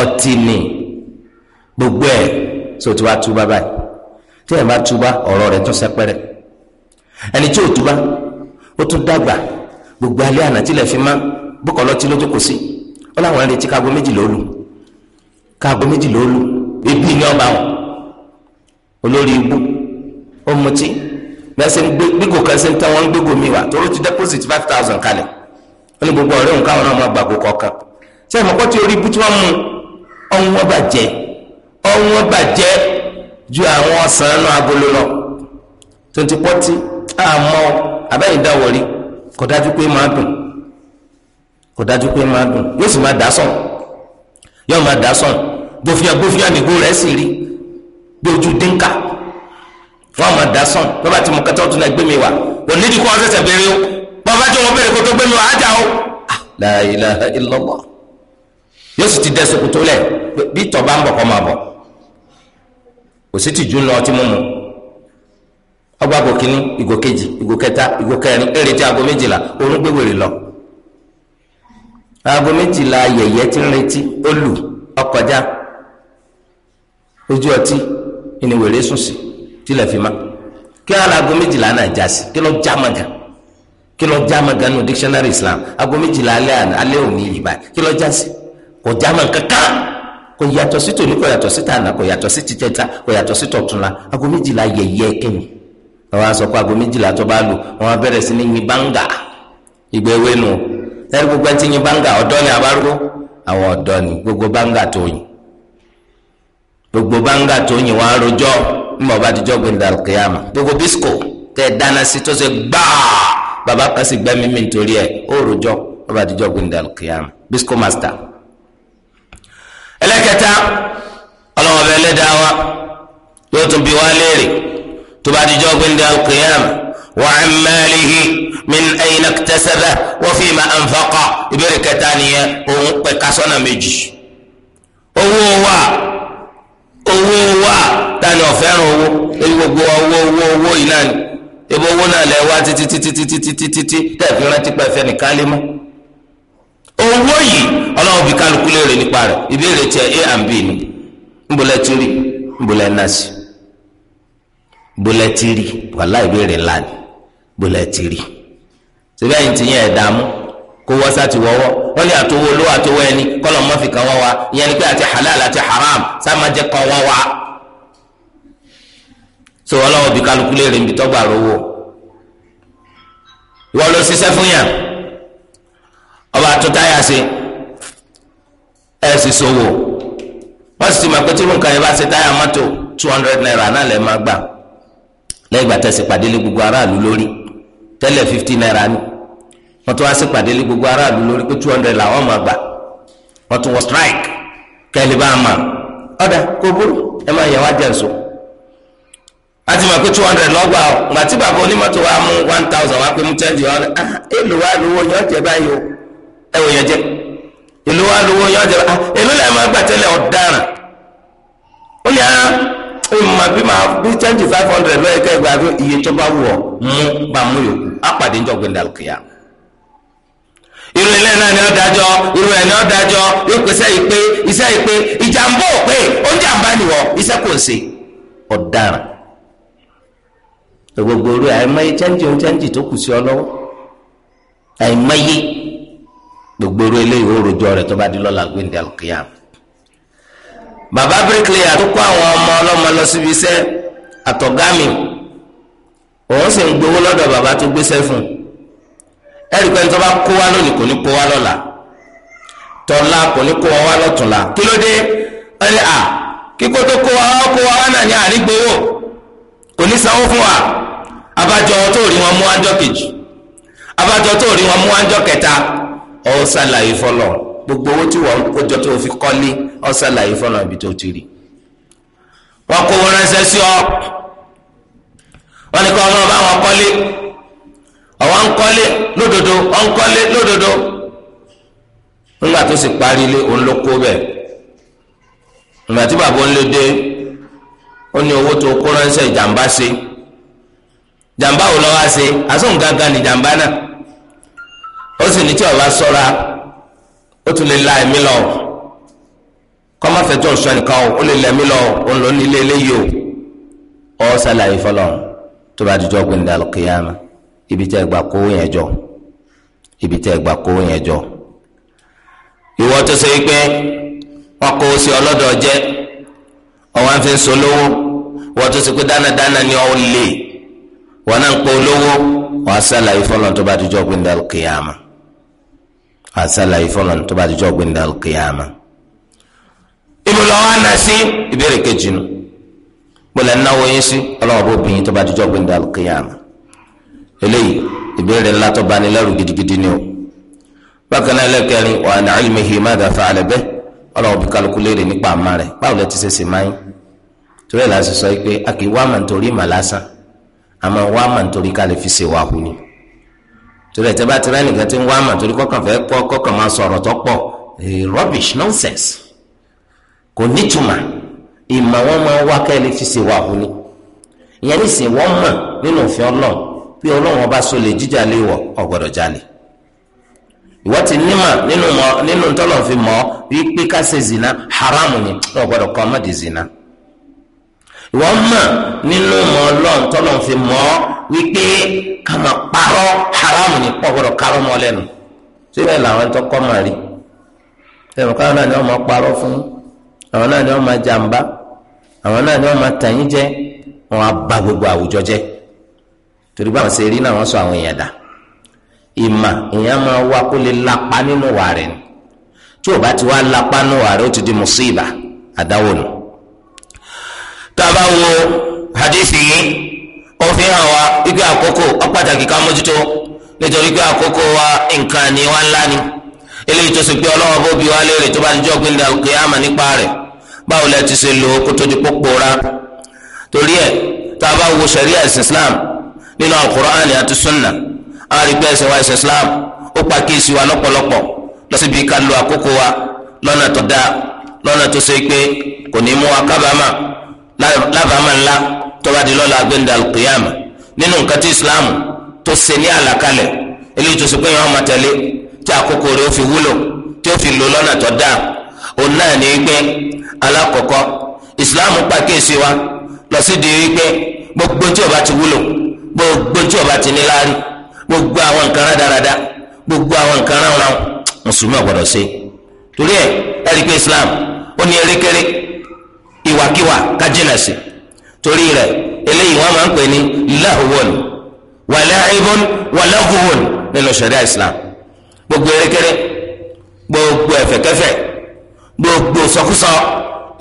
ọtí ni gbogbo ẹ so tí wàá túbá báyìí tí ẹ̀ bá túbá ọ̀rọ̀ rẹ̀ tún sẹ́pẹ́rẹ́ ẹni tí ò túbá ó tún dàgbà gbogbo alẹ́ àná tí lè fi má bókọ̀ lọ́tí lójú kò sí ó láwọn retí káago méjì méjì ebi ni ọba wọn olórí ibu ó mutí ń gbé ṣe ń deposit five thousand ó ní gbogbo òun káwọn náà ṣé ìmọ̀kọ́ ọ̀hún wọn bàjẹ́ ọ̀hún wọn bàjẹ́ ju àwọn ọ̀sán inú agolo lọ tonti pọ́tì àmọ́ abẹ́yìn dáwọ̀rí kò dájú pé máa dùn kò dájú pé máa dùn yóò sì máa dà sàn yóò máa dà sàn gbófìyà gbófìyà nìgbó rẹ̀ sì rí bí ojú dínkà wọn máa dà sàn bàbá tí mo kẹta ọtún náà gbé mi wá onídìí kó ọsẹsẹ béèrè o bàbá tí wọn béèrè kó tó gbé mi wá ájà o. Ah, la ilaha illallah yóò sì ti dẹ ṣòkòtò lẹ̀ bí tọ̀ bá ń bọ̀ kọ́ máa bọ̀ kò sí tìjú ńlọ ọtí mímu ọgbà àgò kínní ìgò kejì ìgò kẹta ìgò kẹrin èrè tí aago méjìlá òun gbé wèrè lọ aago méjìlá yẹyẹ ti ń retí ó ọkọjá ojú ọtí ìní wèrè sùn sí tilẹ̀ fi má kí aago méjìlá náà já sí kí ló já màgà kí ló já màgà nù dictionary Islam aago méjìlá alẹ́ òní yìí báyìí kí ló já sí kò jámà kankan kò yàtọ̀ sí tòní kò yàtọ̀ sí tànà kò yàtọ̀ sí tìjẹta kò yàtọ̀ sí tọ̀túnla aago méjìlá yẹyẹ kẹ́mi àwọn aṣọ kó aago méjìlá tó bá lò wọn bẹ̀rẹ̀ sí ní yin báńgà ìgbà nu ẹni gbogbo ẹni tí yin báńgà ọ̀dọ́ ni àbárúkọ àwọn ọ̀dọ́ ni gbogbo báńgà tó yin gbogbo báńgà tó yin wọn arojọ́ nígbà wọn bá dijọ́ gbẹndàlùkìyàmà gbogbo bísíkò tẹ dáná sí tó ṣe gbáà baba kasi gbẹmí mi nítorí ẹ ó rojọ́ wọn bá dijọ́ gbẹndàlùkìyàmà bísíkò mástà ẹlẹ́kẹta ọlọ́wọ́n bẹ lẹ́dàá wa yóò tún bi wá léèrè tó bá dijọ́ gbẹ̀ndẹ̀ alqiyama wa an malihi min ayna iktasaba wa fima anfaqa ìbéèrè kẹta nìyẹn òun pẹ̀ kásọ̀nà méjì owó wa owó wa tani ọ̀fẹ́ràn owó ebi gbogbo owó owó owó yìí náà ni ebi owó náà lẹ wá títí títí títí títí tẹ̀ fi rántí pẹ̀ fẹ́ nìkan lé mọ́ owó yìí ọlọ́run fi kálukú léèrè nípa rẹ̀ ìbéèrè tiẹ̀ a and b ni nbọlẹ̀ ti rí nbọlẹ̀ náà sí nbọlẹ̀ ti rí wàhálà ìbéèrè ńlá ni nbọlẹ̀ ti rí síbẹ̀ yìí ti yẹn ẹ̀dààmú kó wọ́sá ti wọ́wọ́ wọ́n ní àtọwọ́ olówó àtọwọ́ ẹni kọ́lọ̀ mọ́ fi kàn wọ́n wa ìyẹn ni pé àti halal àti haram sàmájẹ́ kan wọ́n wa so ọlọ́run fi kálukú léèrè níbi tọ́gbà rówó ìwọ ló ṣiṣẹ́ fún yàn ọba tó táyà ṣe ẹ sì ṣòwò wọ́n sì ti mọ̀ pé tí irú yẹn bá ṣe táyà mọ́tò two hundred naira náà lẹ́ẹ̀ máa gbà lẹ́yìn ìgbà tẹ̀sí pàdé lé gbogbo aráàlú lórí tẹ́lẹ̀ fifty naira ni wọ́n tún wá sí pàdé lé gbogbo aráàlú lórí pé two hundred làwọn máa gbà wọ́n tún wọ strike kẹ́lẹ́ bá a mọ̀ ọ̀dà kò burú ẹ máa yẹ wá jẹ́ nsọ́ a ti mọ̀ pé two hundred lọ́gbà ọ̀ ngbà tí bàbá onímọ̀tò wa mú one thousand wá pé mú twenty one ah èlò wa lówó yọ̀ọ́ jẹ́ báyìí o ẹ wò yẹn jẹ ìlú wa lówó yẹn jẹ ah èló lẹ́yìn máa gbà tẹ́lẹ̀ ọ̀daràn ó ní ara ẹ mà bí máa bí change five hundred lọ́yẹ̀ kẹ́ ẹ gba iye tó bá wù ọ́ mú bá mú yòókù á pàdé ń jọ gbẹ̀ndà kìá irú ilé náà ni ó dájọ́ irú ẹ̀ ni ó dájọ́ ìpèsè ìpè iṣẹ́ ìpè ìjàmbá òpè oúnjẹ àbániwọ̀ iṣẹ́ kò ṣe ọ̀daràn gbogbo orí àìmọye chẹ́ńjì ohun chẹ́ńjì tó kù sí ọ lọ́wọ́ àìmọye gbogbo orí eléyìí ó rẹ̀ tó bá di lọ́la gbẹ̀ndẹ̀ alqiyam. bàbá bíríkìlìyà tó àwọn ọmọ ọlọmọ lọ síbi iṣẹ́ àtọ̀gámì òun sì ń gbowó lọ́dọ̀ bàbá tó gbéṣẹ́ fún un ẹ̀rí tó bá kó lónìí kò ní kó kò ní kó kí ló dé à kíkó tó kó kó wá náà ní àrígbowó kò ní sanwó ọ ṣàlàyé fọlọ gbogbo owó tí wọ́n kójọ tó fi kọ́lé ọ ṣàlàyé fọlọ ibi tó ti rí wọ́n kó owó ránṣẹ́ sí ọ wọ́n ní kọ́ ọmọ bá wọn kọ́lé ọwọ́ ń kọ́lé lódodo ọ ń kọ́lé lódodo nígbà tó sì parí ilé òun ló kó bẹ́ẹ̀ ìgbà tí bàbá ń lé dé ó ní owó tó kó ránṣẹ́ ìjàmbá ṣe jàmbá ò lọ́wọ́ ṣe àsóǹgangan ni jàmbá náà ó sì ní tí ọba sọ́ra ó tún lè la ẹ̀mí lọ kọ́máfẹ́jọ́ ọ̀ṣọ́ nìkan ó lè la ẹ̀mí lọ òun ló ní ilé eléyìí o ọ ṣàlàyé fọlọ́ tó bá dijọ́ gbẹ̀ndà lọ́kìyàmà ibi tẹ́ ẹ kó yẹn jọ ibi tẹ́ ẹ kó yẹn jọ ìwọ tó ṣe pé wọn kó sí ọlọ́dọ̀ jẹ́ ọ̀wọ́n fi ń so lówó wọ́n tó ṣe pé dánadáná ni ọ̀ lè wọ́n náà ń pọ̀ olówó wọ́n á ṣàlàyé tó bá dijọ́ gbẹ̀ndà lọ́kìyàmà. asala fọlọ tó bá dijọ́ gbé ndàlù kìyàmà. ibi lọ́wọ́ àná sí ìbéèrè kejì nu gbọ́dọ̀ náwó yín sí ọlọ́wọ́ bó bìyín tó bá dijọ́ gbé ndàlù kìyàmà. eléyìí ìbéèrè ńlá tó gidigidi ni o. bákan náà lẹ́kẹ̀rin wà ní alimihi mada fàlẹ́ bẹ́ẹ̀ ọlọ́wọ́ bí kálukú léèrè nípa àmà rẹ̀ báwo lẹ́ ti ṣe ṣe máa torí ẹ̀ láti sọ pé a kì í wá àmọ́ wá torí ẹ̀ tẹ́ bá ti rẹ́ nìkan tí ń wá mà torí kọ́kàn fẹ́ kọ́ kọ́kàn máa sọ̀rọ̀ tó pọ̀ rubbish nonsense kò nítumà ìmọ̀ wọn máa wá kẹ́lẹ́ fi ṣe wà wọlé ìyẹn nísìnyí wọ́n mọ̀ nínú òfin ọlọ́run bí ọlọ́run ọba so lè jíjà lé wọ̀ ọ̀gbọ́dọ̀ jalè ìwọ ti nímọ̀ nínú mọ̀ nínú tọ́lọ̀ fi mọ̀ wípé ká ṣe zina haramu ni ọ̀gbọ́dọ̀ kọ́ ọmọdé zina ìwọ mọ̀ nínú mọ̀ ọlọ́run tọ́lọ̀ fi mọ̀ ọ́ wípé kàmá kparọ haram ni pọ̀gbọ́dọ̀ karọ mọ́ lẹ́nu síbẹ̀ làwọn tó kọ́ máa rí ẹ̀rọ káwọn náà ni wọ́n máa awọn fún àwọn náà ni wọ́n máa jàǹbá àwọn náà ni wọ́n máa tàyín jẹ́ wọ́n á ba gbogbo àwùjọ jẹ́ torí báwọn ṣe rí náà wọ́n sọ àwọn èèyàn dà ìmà èèyàn máa lapa nínú wà rẹ̀ ni tí lapa nínú wà di àdáwò nù. hadithi òfin hàn wá wípé àkókò ọ̀pàtàkì ká mójútó nítorí pé àkókò wa nǹkan ni wá ńlá ni eléyìí tó sì pé ọlọ́wọ́ bó bi wá léèrè tó bá ti jọ́ gbẹ̀ndà kìámà nípa rẹ̀ báwo lẹ ti ṣe lò di ra torí ẹ̀ tá a bá wo sẹ̀ríà ẹ̀sìn Islam nínú sunna a rí pé wa ẹ̀sìn Islam ó pa wa lọ́pọ̀lọpọ̀ ká lo àkókò wa lọ́nà tó dáa lọ́nà tó ṣe pé kò ní mú wa kábàámà lábàámà ńlá tó bá di lọ́la gbẹ̀ndà alqiyama nínú nǹkan islam tó ṣe ní àlàkalẹ̀ eléyìí tó ṣe pé yẹn wọn máa tẹ̀lé tí àkókò rẹ̀ ó fi wúlò tí ó fi lò lọ́nà tó dáa òun náà ní pé alákọ̀ọ́kọ́ islam pàkíyèsí wa lọ sí di wípé gbogbo tí ó bá ti wúlò gbogbo tí ó bá ti ní láàrin gbogbo àwọn nǹkan rádaràda gbogbo àwọn nǹkan ránran mùsùlùmí ò gbọdọ̀ torí ẹ̀ ẹ̀rí pé islam ó ní erékeré ìwàkiwà ká sí torí rẹ̀ eléyìí wọ́n máa ń pè ní lahwon wàláhìbọn wàláhùwòn nínú sẹ̀ríà islam gbogbo erékéré gbogbo ẹ̀fẹ̀kẹ́fẹ̀ gbogbo sọkúsọ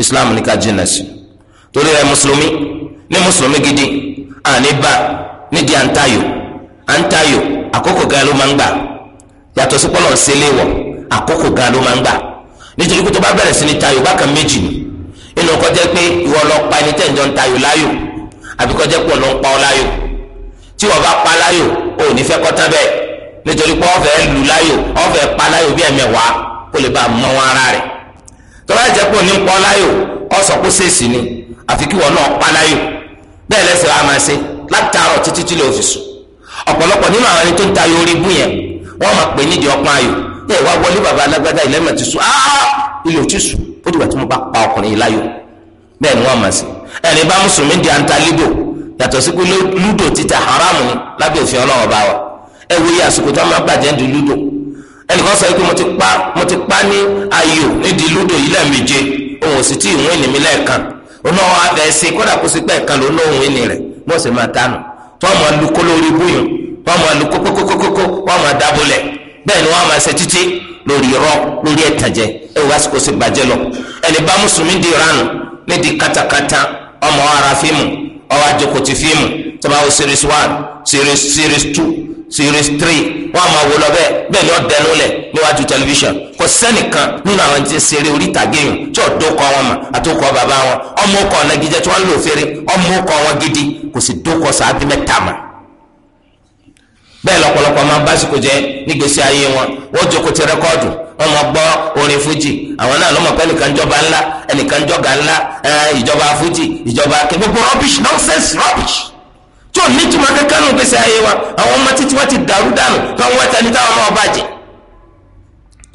islam ní ká jìnnà sí torí rẹ̀ mùsùlùmí ní mùsùlùmí gidi àníbà nídìí àǹtayò àǹtayò àkókò gan ló máa ń gbà yàtọ̀ sí pọ́lọ̀ sílé wọ̀ àkókò gan ló máa ń gbà nítorí pé tó bá bẹ̀rẹ̀ sí ní tayò bákan méjì ni inú kọjá pé ìwọ lọ pa ẹni tẹ̀jọ́ ń tayò láyò àbí kọjá pé ọ̀nà ń pa ọ láyò tí wọ́n bá pa láyò ò ní fẹ́ kọ́tán bẹ́ẹ̀ nítorí pé ọ̀fẹ́ lù láyò ọ̀fẹ́ pa láyò bí ẹ̀mẹ̀wá kó lè bá mọ́ wọn ara rẹ̀ tọ́lá jẹ́ pé òní ń pa ọ láyò ọ sọ pé ṣèèṣì ni àfi kí wọn náà pa láyò bẹ́ẹ̀ lẹ́sẹ̀ wa máa ṣe látàárọ̀ títí tí lè fi sùn ọ̀pọ̀lọpọ̀ nínú àwọn ẹni tó ń tayò orí bú yẹn wọ́n máa pè nídìí ọpọ́n ayò ẹ̀ wá wọlé bàbá alágbádá ilẹ̀ mẹ́tì sùn áá ilé ò ti sùn ó dìgbà tí mo bá pa ọkùnrin yìí láyò bẹ́ẹ̀ ni wọ́n mọ̀ sí ẹni anta yàtọ̀ sí pé ludo títa haramu ni lábẹ́ òfin ọlọ́wọ́ bá wa ẹ wo iye àsìkò tó máa bàjẹ́ di ludo ẹnì kan sọ pé mo ti pa mo ti pa ní ayò nídìí ludo yìí lẹ́ẹ̀méje òun ò sì tí ìwọ̀n ìnìmí lẹ́ẹ̀kan òun sí kódà kó sí ẹ̀kan ló òun rẹ̀ máa tánu tó wọ́n máa lórí irọ́ lórí ẹ̀tànjẹ ẹ wò lásìkò sì bàjẹ́ lọ ẹni bá mùsùlùmí di ìranù nídi katakata ọmọ ara fíìmù ọwọ́ àjòkòtì fíìmù tó bá wo series one series series two series three wọn àmọ́ wò lọ bẹ́ẹ̀ bẹ́ẹ̀ ni wọ́n dẹnu lẹ̀ níwájú tẹlifíṣàn kò sẹ́nìkan nínú àwọn ti ṣeré orí tí ọ̀dọ́ wọn mà bàbá wọn ọmọ ọ̀nà gidi tí wọ́n lò fèrè ọmọ wọn wọ́n jókòó ti rẹ́kọ́ọ̀dù wọ́n máa gbọ́ orin fújì àwọn náà lọ́mọ pé ẹnìkan jọba ńlá ẹnìkan jọga ńlá ìjọba fújì ìjọba gbogbo rubbish nonsense rubbish tí ò ní jùmọ̀ kankan nù gbèsè ayé wa àwọn ọmọ títí wọ́n ti dàrú dànù káwọn wọ́n tẹni táwọn ọmọ ọba jẹ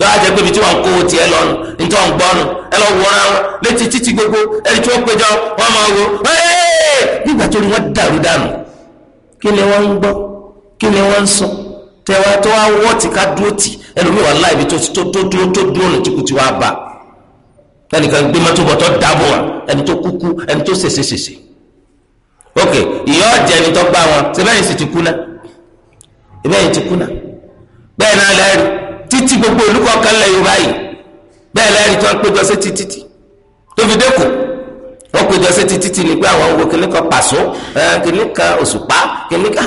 lọ́wọ́ àjẹ́ pé ibi tí wọ́n ń kó tiẹ̀ lọ́nu nítorí wọ́n ń gbọ́nu ẹ lọ́ wọ́n ara létí títí gbogbo ẹni tí wọ́n péjọ wọ́n máa wo nígbà tó ní wọ́n dàrú dànù kí ni wọ́n ń gbọ́ kí ni wọ́n ń sọ tẹ̀wá tó wá wọ́ ká dúró tì ẹlòmíì wà láì bí tó tó tó tó dúró ní tìkùtì wà bá ẹnìkan gbé mọ́tò bọ́tọ́ dábọ̀ ẹni tó kúkú ẹni tó sèse sèse ok ìyá ọ̀jẹ̀ ẹni tó gbá wọn ṣe bẹ́ẹ̀ sì ti kú náà ìbẹ́ẹ̀ ti kú náà bẹ́ẹ̀ náà lẹ́rìí títí gbogbo olùkọ́ kan lẹ̀ yorùbá yìí bẹ́ẹ̀ lẹ́rìí tó ń péjọ sí títí tó fi dẹ́kọ̀ọ́ wọ́n péjọ sí títí ni pé àwọn wo kìnnìkan pàṣọ kìnnìkan òṣùpá kìnnìkan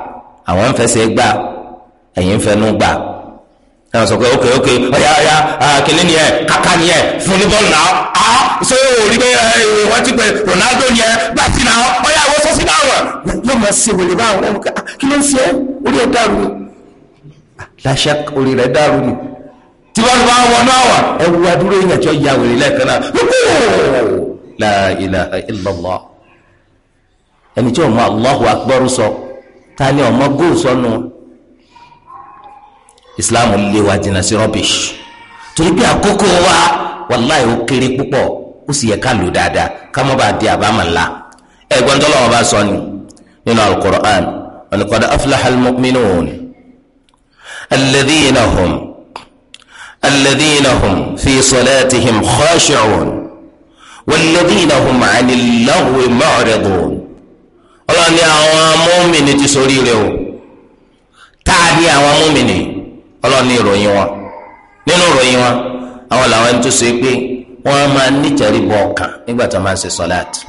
àwọn ń fẹsẹ̀ gbà ẹ̀yin ń fẹnu gbà náà sọ pé ok ok ọ̀yà ọ̀yà kìnìún ni ẹ kàkà ni ẹ fún ní bọ́ọ̀lù náà á ṣé o rí pé wọ́n ti pè Ronaldo ni ẹ gbà sí náà ọ̀yà àwọn sọ́sí náà wọ̀ yóò máa ṣe wòlé bá àwọn ọmọkà kí ló ń ṣe orí ẹ dàrú ni làṣà orí rẹ dàrú ni tí wọ́n bá wọn náà wà ẹ wú adúró yẹn tí ó wòlé lẹ́ẹ̀kan náà ẹni tí ó mọ Allahu akbar sọ. So ta ni ọmọ góò sọnù islam lè wa jìnnà sí rubbish torí pé àkókò wa wàláì ó kéré púpọ̀ ó sì yẹ ká lò dáadáa ká má bàa di àbámọ̀ ńlá ẹ̀gbọ́n tó lọ́wọ́ bá sọ ni nínú alukur'an wọn kọ́ da aflaha almu'minun alladhina hum alladhina hum fi salatihim khashi'un walladhina hum 'ani al-lagwi mu'ridun ọlọ́run ní àwọn mọ́mìnì ti sórí rẹ o tá a ní àwọn mọ́mìnì ọlọ́run ní ìròyìn wọn nínú ìròyìn wọn àwọn làwọn tó ṣe pé wọ́n máa níjẹ̀ríbọ̀ ọkàn nígbà tó máa ń ṣe sọ́láàtì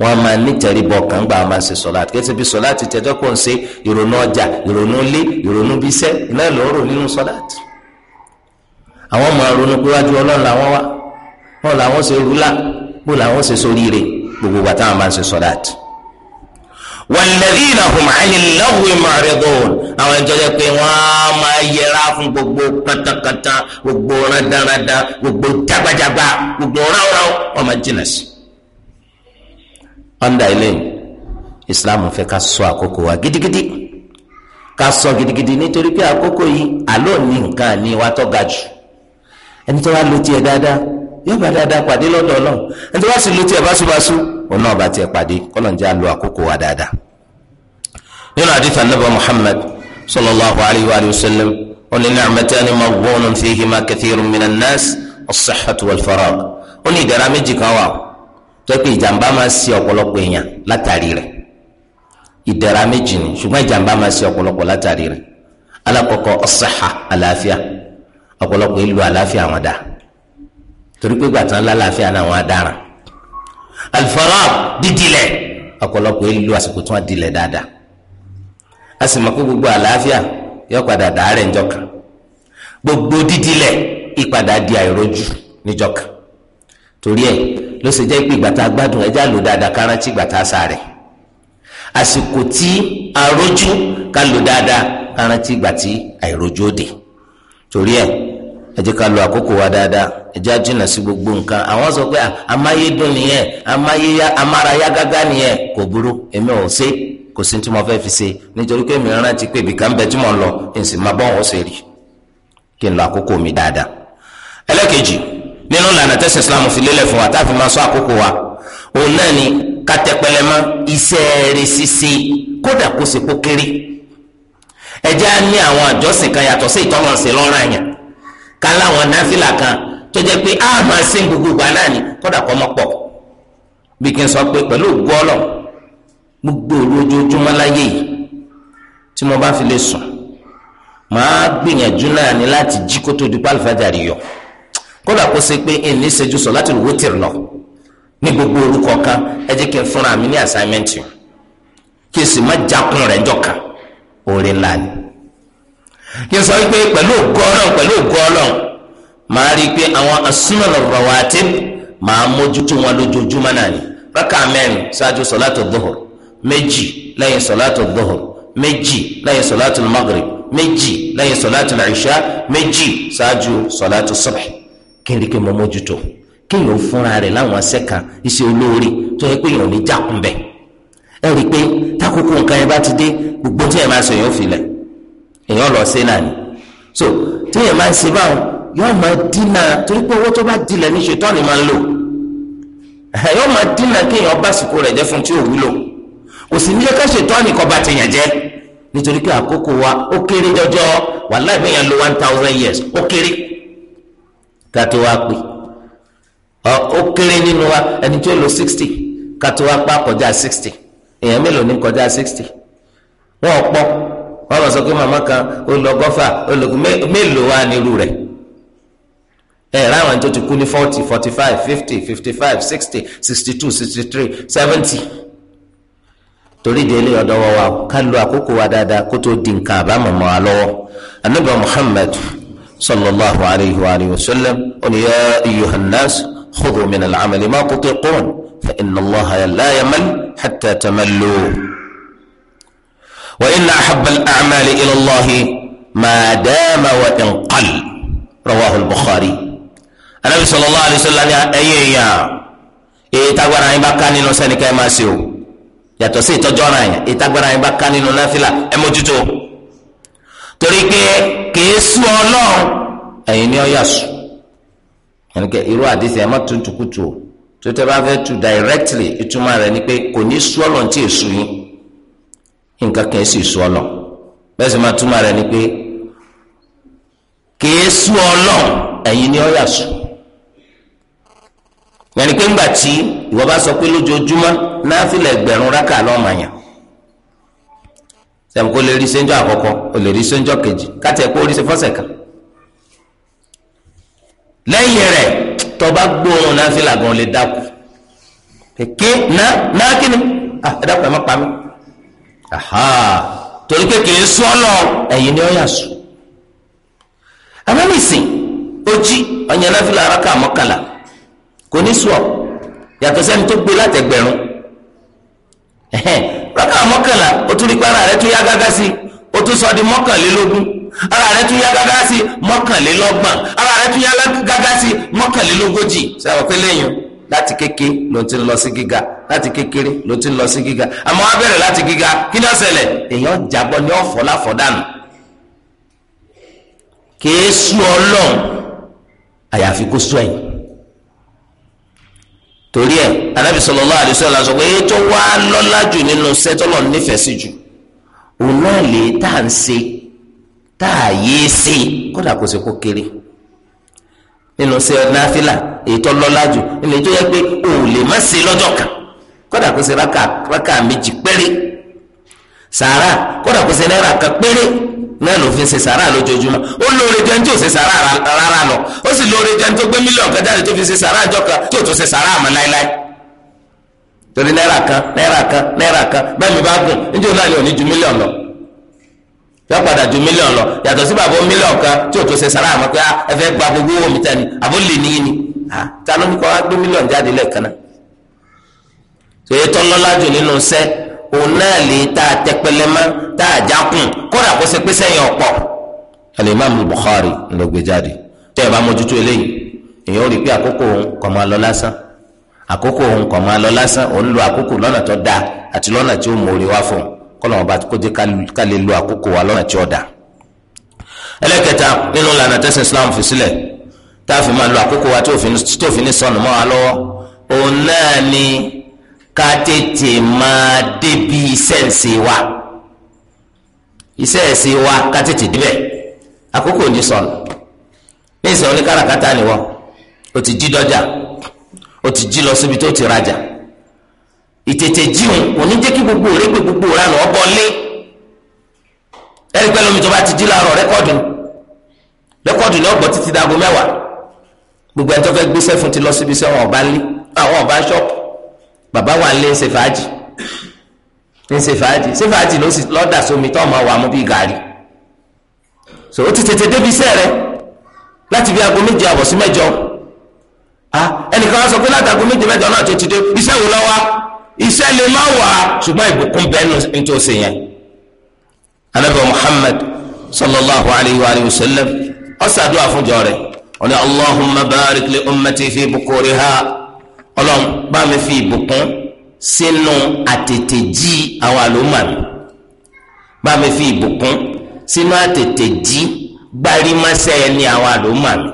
wọ́n máa níjẹ̀ríbọ̀ ọkàn nígbà tó máa ń ṣe sọ́láàtì kí ẹ ti fi sọ́láàtì tẹ́jọ́ kó ń ṣe ìrònú ọjà ìrònú ilé ìrònú bíṣẹ́ iná ìlọrọ nínú sọ́láàtì àwọn máa ronú pé wájú ọlọ́run làwọn wá wọn làwọn ṣe rúlà bó làwọn ṣe sóríire gbogbo bàtà máa ń ṣe sọ́láàtì walladhina hum 'anil lagwi mu'ridun àwọn ẹni tó yẹ pé wọ́n á máa yẹra fún gbogbo katakata gbogbo rádaràda gbogbo jagbajagba gbogbo ráúráú wọ́n máa jìnnà sí. ọ̀ndà ilé Islam fẹ́ ká sọ àkókò wa gidigidi ká sọ gidigidi nítorí pé àkókò yìí àlọ́ ní nǹkan ní wa tó ga ẹni tó wá lo tiẹ̀ dáadáa yóò bá dáadáa pàdé lọ́dọ̀ ọlọ́run ẹni tó bá sì lu tiẹ̀ báṣubàṣu òun náà bá tiẹ̀ pàdé kọ́lọ̀ njẹ́ àlọ́ àkókò wa dáadáa. nínú àdìsá nàbà muhammad sallallahu alayhi wa sallam ó ní ni'matani maghbunun fihima kathirun minan nas as-sihhatu wal faragh ó ní ìdára méjì kan wà tó pé ìjàmbá máa ṣe ọ̀pọ̀lọpọ̀ èèyàn látàrí rẹ̀ ìdára méjì ni ṣùgbọ́n ìjàmbá máa ṣe ọ̀pọ̀lọpọ̀ látàrí rẹ̀ alákọ̀ọ́kọ́ as àlàáfíà ọ̀pọ̀lọpọ̀ ìlú àlàáfíà wọn dáa torí pé gbàtàn lálàáfíà làwọn adára alifara dídìlẹ̀ ọ̀pọ̀lọpọ̀ èlò àsìkò tí wọ́n dilẹ̀ dáadáa a sì mọ̀ pé gbogbo àlàáfíà yóò padà dàárẹ̀ níjọ́kan gbogbo dídìlẹ̀ ìpadà di àìrójú níjọ́kan torí ẹ̀ ló ṣe jẹ́ pé gbàtà gbádùn ẹja lò dáadáa kárántì gbàtà sáré àsìkò tí àrójú ká lò dáadáa kárántì gbàtì àìrójú òde torí ẹ̀ ẹ jẹ́ ká lo àkókò wa dáadáa ẹ sí gbogbo nǹkan àwọn sọ pé amáyédùn nìyẹn amáyéyá amárayá nìyẹn kò burú èmi ò ṣe kò sí tí mo fẹ́ fi ṣe nítorí pé èmi rántí pé ibìkan tí mo lọ kí n sì máa bọ́ wọn ṣe rí kí n lo àkókò mi dáadáa. ẹlẹ́kejì nínú ìlànà tẹ́sí Islam fi lélẹ̀ fún wa máa sọ wa òun náà ni mọ́ iṣẹ́ rẹ̀ ṣíṣe kódà kó ṣe kó kéré á kan láwọn náfìlà kan tó jẹ́ pé a máa ṣe gbogbo ìgbà náà ni kódà kọ́ mọ́ pọ̀ bí kí n sọ pé pẹ̀lú gọ́ọ̀lọ̀ gbogbo olójoojúmọ́ láyé yìí tí mo bá fi lè sùn màá gbìyànjú náà ni láti jí kó tó di pálífàjárì yọ kódà kó ṣe pé èmi ṣe ju sọ láti wò tìrì lọ ní gbogbo orúkọ kan ẹ jẹ́ kí n fúnra mi ní assignment kí n sì má jákun rẹ̀ jọ̀ka òòrè ńlá ni kí n sọ pé pẹ̀lú ògo ọlọ́run pẹ̀lú ògo ọlọ́run màá rí i pé àwọn asúnmọ̀nà rawatib màá mójútó wọn lójoojúmọ́ náà ni rákà mẹ́rin ṣáájú sọ̀látò dọ́hùr méjì lẹ́yìn sọ̀látò dọ́hùr méjì lẹ́yìn sọ̀látò magrib méjì lẹ́yìn sọ̀látò ìṣá méjì ṣáájú sọ̀látò subh kí n rí i pé mo mójútó kí n ò fúnra rẹ̀ láwọn sẹ́ka iṣẹ́ olóore tó yẹ pé èèyàn ní jákùn ẹ rí i pé tákòókò nǹkan yẹn bá ti dé gbogbo tí ẹ máa sọ yẹn ó èèyàn lọ sí náà ni so téèyàn máa ń ṣe báwọn yóò máa dínà torí pé owó tó bá dilẹ̀ ní ṣètọ́ ni máa ń lò yóò máa dínà kéèyàn bá sìkò rẹ̀ jẹ́ fún tí ò wúlò kò sì ní ká ṣètọ́ ni kò bá tèèyàn jẹ́ nítorí pé àkókò wa ó kéré jọjọ wàhálà ìbéèyàn lo one thousand years ó kéré ká tó wá pè ó kéré nínú wa ẹni tó lo sixty ká tó wá pa kọjá sixty èèyàn mélòó ní kọjá sixty wọn ò pọ̀ wọ́n máa sọ pé màmá kan ó lọ gọ́fà ó lọ mélòó wá nírú rẹ̀ ẹ ráwọn tó ti kú ní forty forty five fifty fifty five sixty sixty two sixty three seventy torí délé ọ̀dọ̀ wa wa ká lo àkókò wa dáadáa kó tó di nǹkan àbámọ̀mọ́ wa lọ́wọ́ anábà muhammad sallallahu alayhi wa sallam oníyà ayyuhannas khudhu min al-amali ma tutiqun fa inna allaha la yamal hatta tamallu wa inna ahabal a'mali ilallahi madama wa inqal rawahu al-bukhari anabi sallallahu alayhi wa sallam ni ẹyẹ yẹn èyí tagbara yín bá ká nínú sẹ́ni ká ẹ máa ṣe o yàtọ̀ sí ìtọ́jú ọ̀ràn yẹn èyí tagbara yín bá ká nínú náfìlà ẹ mójútó torí pé kìí sú ọlọ́run ẹ̀yin ni ọ yà sùn ẹnikẹ́ irú àdìsí ẹ má tuntun kutu o tó tẹ́ bá fẹ́ tu directly ìtumọ̀ rẹ̀ ni pé kò ní sú ọlọ́run tí èsù yín nǹkan kan sì sú ọlọ bẹ́ẹ̀ sì máa túmọ̀ rẹ̀ ni pé kìí sú ọlọ ẹ̀yin ni ọ yà sú yẹnni pé ńgbà tí ìwọ bá sọ pé lójoojúmọ́ náfìlà ẹgbẹ̀rún rákà lọmọọyà sẹmu kó lè rí sẹńjọ àkọ́kọ́ ó lè rí sẹńjọ kejì káàtì ẹkọ orí ṣe fọsẹ kan lẹ́yìn rẹ̀ tọba gbóòórùn náfìlà gan lè dákú kéèké ná ná kíni ah ẹ dákú ẹ má pa mí torí pé kì í sún ọlọ ẹ̀yìn ni ó yà sùn abẹ́mísìn ojí ọ̀yàn náfìlà araka mọ́kànlá kò ní sùn ọ yàtọ̀ sẹ́ni tó gbé látẹ̀gbẹ̀rún raka mọ́kànlá o tún rí pé ara rẹ tún yá gágá sí o tún sọ di mọ́kànlélógún ara rẹ tún yá gágá sí mọ́kànlélọ́gbọ̀n ara rẹ tún yá gágá sí mọ́kànlélógójì sẹ́wọ̀n pé lẹ́yìn o láti kéke ló ti lọ sí gíga láti kékeré ló ti lọ sí gíga àmọ́ wá bẹ̀rẹ̀ láti gíga kí ni ó ṣẹlẹ̀ èèyàn jábọ́ ní ọ̀fọ̀ láfọ̀ dànù kìí sú ọlọ́run àyàfi kó sú ẹ̀yìn torí ẹ anábì sallallahu alaihi wasallam sọ pé ètò wa lọ́lá jù nínú sẹ́tọ́lọ̀ nífẹ̀ẹ́ sí jù òun náà lè tá à ń ṣe tá à yé ṣe kódà kó ṣe kó kéré nínú ṣe náfìlà èyí tó lọ́lá jù nínú èyí tó yẹ pé o ò lè má ṣe lọ́jọ́ kan kódà kó ṣe rákà rákà méjì péré sàárà kódà kó ṣe náírà kan péré náà ló fi ṣe sàárà lójoojúmọ́ ó lóore jẹ́ ní tí ò ṣe sàárà rárá lọ ó sì lóore jẹ́ ní tó gbé mílíọ̀nù kan jáde tó fi ṣe sàárà àjọ kan tí ò tó ṣe sàárà àmọ́ láéláé torí náírà kan náírà kan náírà kan bẹ́ẹ̀ mi bá gùn níjọ́ náà ni ní ju mílíọ̀nù lọ. yọ padà ju mílíọ̀nù lọ yàtọ̀ sí bàbá mílíọ̀nù kan tí o tó ṣe sara àmọ́ pé ah, ẹ fẹ́ gba gbogbo owó mi ta ni àbó lè ní yín ni ah, ta ló ní kọ́ gbé mílíọ̀nù jáde lẹ́ẹ̀kan náà. tòye tó jù nínú sẹ́ òun náà lè ta tẹpẹlẹ mọ́ tá a já kùn kódà kó ṣe pé sẹ́yìn ọ̀pọ̀. alimami ló gbé jáde tẹ́ ẹ bá mójútó eléyìí èèyàn ò rí pé kọ́lọ́mù bá kó jẹ́ ká lè lo àkókò wa lọ́nà tí ó dà. ẹlẹ́kẹta nínú ìlànà tẹ́sán Islam fi sílẹ̀ tá a fi máa lo àkókò wa tí òfin ní sọnù mọ́ wa lọ́wọ́ òun náà ni ká tètè máa débi iṣẹ́ ìsìn wa iṣẹ́ ìsìn wa ká tètè débẹ̀ àkókò ní sọnù ní ìsìn oníkàràkátà ni wọ́n o ti jí dọ́jà o ti jí lọ síbi tó ti rajà ìtètè jíun kò ní jẹ́ kí gbogbo rẹ pé gbogbo rẹ lọ́ọ́ bọ́ lé ẹ̀rí pẹ́ lómi tó bá ti jí láàárọ̀ rẹ́kọ̀dù rẹ́kọ̀dù ni ọgbọ̀n títí dago mẹ́wàá gbogbo ẹni tó fẹ́ gbéṣẹ́ fún ti lọ síbi iṣẹ́ ọba lé àwọn ọba ṣọ́ọ̀pù bàbá wa lé ń ṣe fàájì ń ṣe fàájì ṣe fàájì ló sì lọ́dà sómi tó ọmọ wa mú bí gàrí so ó ti tètè débi iṣẹ́ rẹ láti bí aago méje àbọ̀ sí mẹ́jọ ah, ẹnìkan wá sọ pé láti aago méje mẹ́jọ náà tó ti dé iṣẹ́ wò lọ́wọ́ iṣẹ́ lè má wà ṣùgbọ́n ìbùkún bẹ́ẹ̀ ní tó ṣe yẹn. anabi muhammad sallallahu alayhi wa sallam ọ̀sàdúrà fúnjọ rẹ̀ ọ̀nà allahumma barik li ummati fi bukuriha ọlọ́run bá mi fi ìbùkún sínú àtètè jí àwọn àlùmọ́ mi bá mi fi ìbùkún sínú àtètè jí gbárímásẹ́ ẹni àwọn àlùmọ́ mi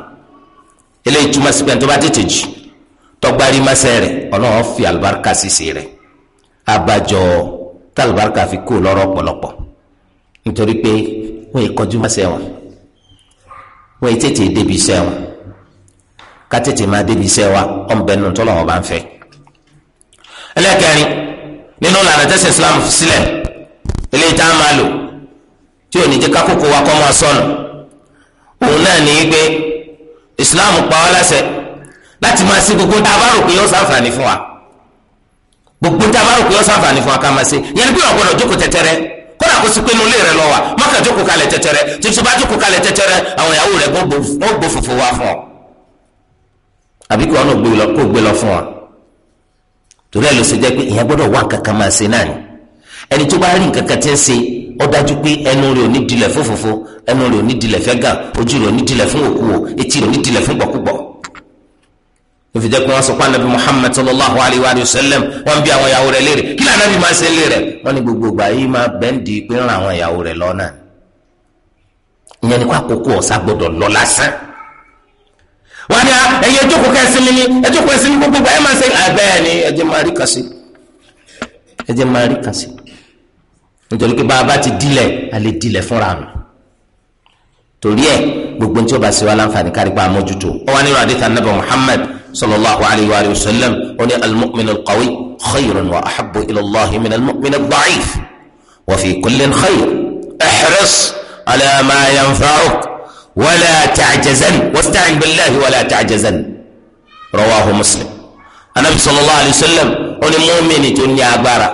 eléyìí túmọ̀ sí pé tó bá tètè jí tọ́gbárímásẹ́ rẹ̀ ọlọ́run fi àlùbáríkà sí sí rẹ̀. abájọ tálùbáríkà fi kú lọrọ pọ̀lọpọ̀ nítorí pé wọ́n yìí kọjú mọ́ sẹ́wọ̀n wọ́n yìí tètè débi sẹ́wọ̀n ká tètè máa débi Islam sílẹ̀ ilé ìta máa wa kọ́ máa sọnù òun náà ní í Islam pa wá láṣẹ láti máa sí gbogbo tá bá gbogbo tí a bá rò pé ó sàǹfààní fún wa ká máa ṣe yẹn ni pé ọ̀gbọ́dọ̀ jókòó tẹ́tẹ́rẹ́ kódà kó sì pé nulẹ̀ rẹ lọ wa mọ́kà jókòó kalẹ̀ tẹ́tẹ́rẹ́ tuntun bá jókòó kalẹ̀ tẹ́tẹ́rẹ́ àwọn ìyàwó rẹ wọ́n gbó fòfò wá fún ọ àbí kí wọn kó gbé lọ fún wa torí ẹ ló ṣe jẹ́ pé ìyẹn gbọ́dọ̀ wá kankan máa ṣe náà ni ẹni tó bá rí nǹkan tí ń ṣe ó dájú pé ẹnu rẹ̀ ò ní dilẹ̀ fún fòfò ẹnu rẹ̀ ò ní dilẹ̀ fẹ́ gà ojú rẹ̀ ò ní dilẹ̀ fún òkú o etí rẹ̀ ò ní dilẹ̀ fún gbọ̀kúgbọ̀ òfin jẹ́ pé wọ́n sọ pé anabi muhammed sallallahu alayhi wa sallam wọ́n bí àwọn ìyàwó rẹ̀ léèrè kí ni anabi máa ṣe léèrè wọ́n ní gbogbo ìgbà yìí máa bẹ́ǹdì pé ń ra àwọn ìyàwó rẹ̀ lọ́nà ìyẹn ni kó àkókò ọ̀sà gbọ́dọ̀ lọ lásán wọ́n ní ẹ̀yẹ jókòó kẹ́sí mi ní ẹjókòó kẹ́sí mi gbogbo ẹ̀ máa ṣe bẹ́ẹ̀ ni ẹ máa rí kàṣí ẹ máa rí kàṣí torí ẹ gbogbo ní tí ó bá ṣe wá láǹfààní kárí pa àmójútó ọ wá nínú àdìtà nàbà muhammed sallallahu alayhi wa sallam ó ní al-mu'min al-qawi khayrun wa ahabbu ila allahi min al-mu'min al-da'if wa fi kullin khayr ihris ala ma yanfa'uk wala ta'jazan wasta'in billahi wala ta'jazan rawahu muslim anabi sallallahu alayhi wa sallam ó mu'mini tó ní agbára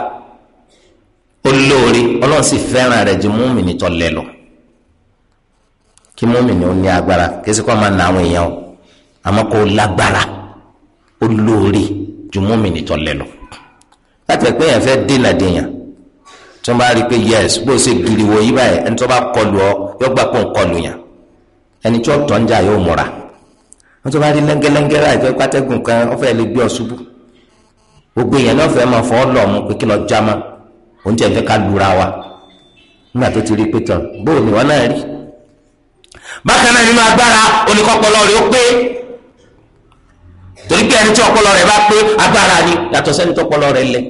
olóore ọlọ́run sì fẹ́ràn rẹ̀ ju mu'mini tó lẹ lọ kí mọ́mìnì ó ní agbára kí ẹ na àwọn èèyàn o àmọ́ kó lágbára ó lóore ju mọ́mìnì tó lẹ lọ láti ẹ̀pẹ́ yẹn fẹ́ dènà dènyàn tí wọ́n bá rí i pé yẹs bó ṣe giri wọ yí báyìí ẹni tó bá kọlu ọ yọ gbà pọ̀ nkọlu yàn ẹni tí ọ̀tọ̀ ń jà yóò múra wọ́n tó bá rí lẹ́ngẹ́lẹ́ngẹ́ láì fẹ́ pátẹ́gùn kan ó fẹ́ lè gbé ọ ṣubú gbogbo èèyàn náà fẹ́ máa fọ́ ọ lọ́ọ̀mù pé kí lọ já ma òun tẹ̀ fẹ́ ká lura wa nígbà tó ti rí pé tán bóò ni wọ́n náà rí bákan náà nínú agbára oníkọ́pọ̀ lọ́ọ̀rẹ́ ó pé torí pé ẹni tí ọpọlọ rẹ̀ bá pé agbára ni yàtọ̀ sẹ́ni tó ọpọlọ rẹ̀ lẹ̀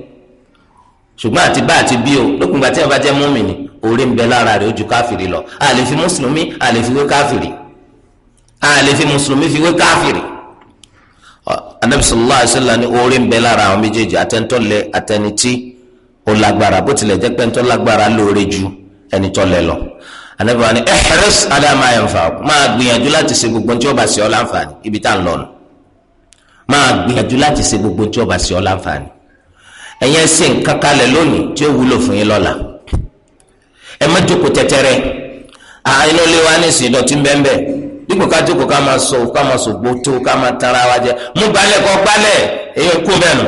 ṣùgbọ́n àti bá àti bí o lókun gbà tí wọn bá jẹ́ mùmínì oore ń bẹ lára rẹ̀ ó káfìrí lọ a lè fi mùsùlùmí a lè fi wé káfìrí a lè fi mùsùlùmí fi wé káfìrí anabi alayhi wa sallam ni oore ń bẹ lára àwọn méjèèjì atẹnitọlẹ atẹnití ó lágbára bó tilẹ̀ jẹ́ pé ntọ́ lágbára lóore ju ẹnitọ́lẹ lọ anabi wa ni ihris ala ma yanfa'uk máa gbìyànjú láti ṣe gbogbo ntí ó bá ṣe ọ́ láǹfààní ibi tá à ń lọ nù máa gbìyànjú láti ṣe gbogbo tí ọba sí ọ láǹfààní ẹ̀yin ẹ ṣe nǹkan kalẹ̀ lónìí tí ó wúlò fún yín lọ́la ẹ má jókòó tẹ́tẹ́rẹ́ àìní olè wa ní ìsìn ìdọ̀tí bẹ́ẹ̀ dípò ká jókòó ká máa sọ ká máa sọ gbótó ká máa tara wa jẹ mú balẹ̀ kọ́ gbálẹ̀ èyí kú mẹ́nu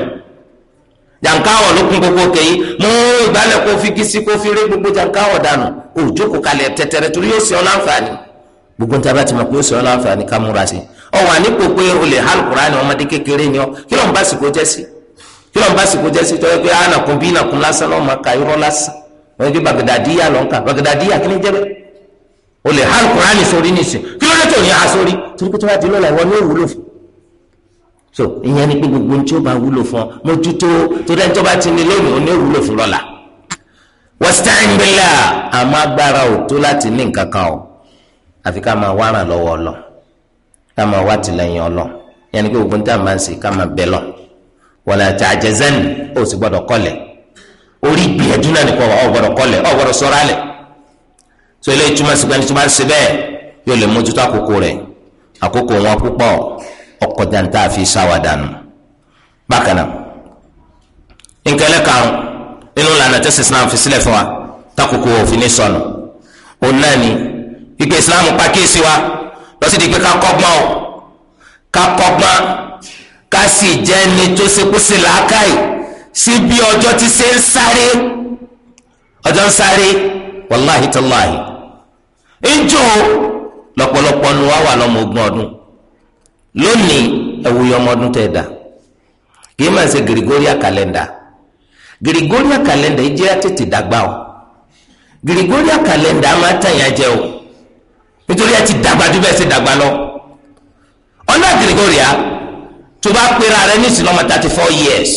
jàǹkáwọ̀ ló kún gbogbo kẹ́yí mú ìgbálẹ̀ kó fi kí sí kó fi rí gbogbo jàǹkáwọ̀ dànù òjókòó kalẹ̀ tẹ́tẹ́rẹ́ torí yóò ṣe ọ́ láǹfààní gbogbo níta bá ti mọ̀ pé yóò ṣe ọ́ láǹfààní ká múra sí i ọ nípò pé o lè hàn kúránì ọmọdé kékeré ni ọ kí ló ń bá sìkò jẹ́ sí kí ló ń bá sìkò jẹ́ sí tọ́jú pé ànàkùn bí ìnàkùn lásán lọ́ọ́ máa ka irọ́ lásán wọ́n gbé bagidadiya lọ́n ka bagidadiya kí ni jẹ́ bẹ́ẹ̀ o lè hàn kúránì sórí nìsín kí ló dé tó ní a torí pé tó bá di lọ́la ìwọ ni ó wúlò fún so ìyẹn ni pé gbogbo ní tí ó bá wúlò fún ọ mójútó tó dẹ́ni tó bá ti ní lónìí o àfi ká máa wá ràn lọ́wọ́ ọlọ́run kama wati wá ọlọ ya kí ogun tá a máa ń ṣe ká bẹ lọ wala ta'jazan ó sì gbọ́dọ̀ kọlẹ̀ orí náà nìkan ọ gbọdọ kọlẹ̀ ọ gbọdọ sọ̀rọ̀ alẹ̀ so ilé ìtumọ̀ sìgbà ni tí wọ́n bá ń ṣe bẹ́ẹ̀ yóò islam fi wa takoko òfin ní sọnù òun náà ni ike islam wa ó sì di pé ká kọ́gbọ́n o ká kọ́gbọ́n ká sì jẹ́ ẹni tó ṣekúṣe làákàyè sí bí ọjọ́ ti ṣe ń sáré ọjọ́ ń sáré wàláhi tàláhi ńjọ lọ́pọ̀lọpọ̀ nu wá wà lọ́mọ ogún ọdún lónìí ẹ̀wùyọ ọmọ ọdún dà kì í máa ṣe Gregorian calendar Gregorian calendar jẹ́ tètè dàgbà o Gregorian calendar máa tàn yá jẹ o nítorí ẹ ti dàgbà ju bẹ́ẹ̀ ṣe dàgbà lọ ọ̀nà gregoria tó bá pera rẹ ní ìsìn ọmọ thirty four years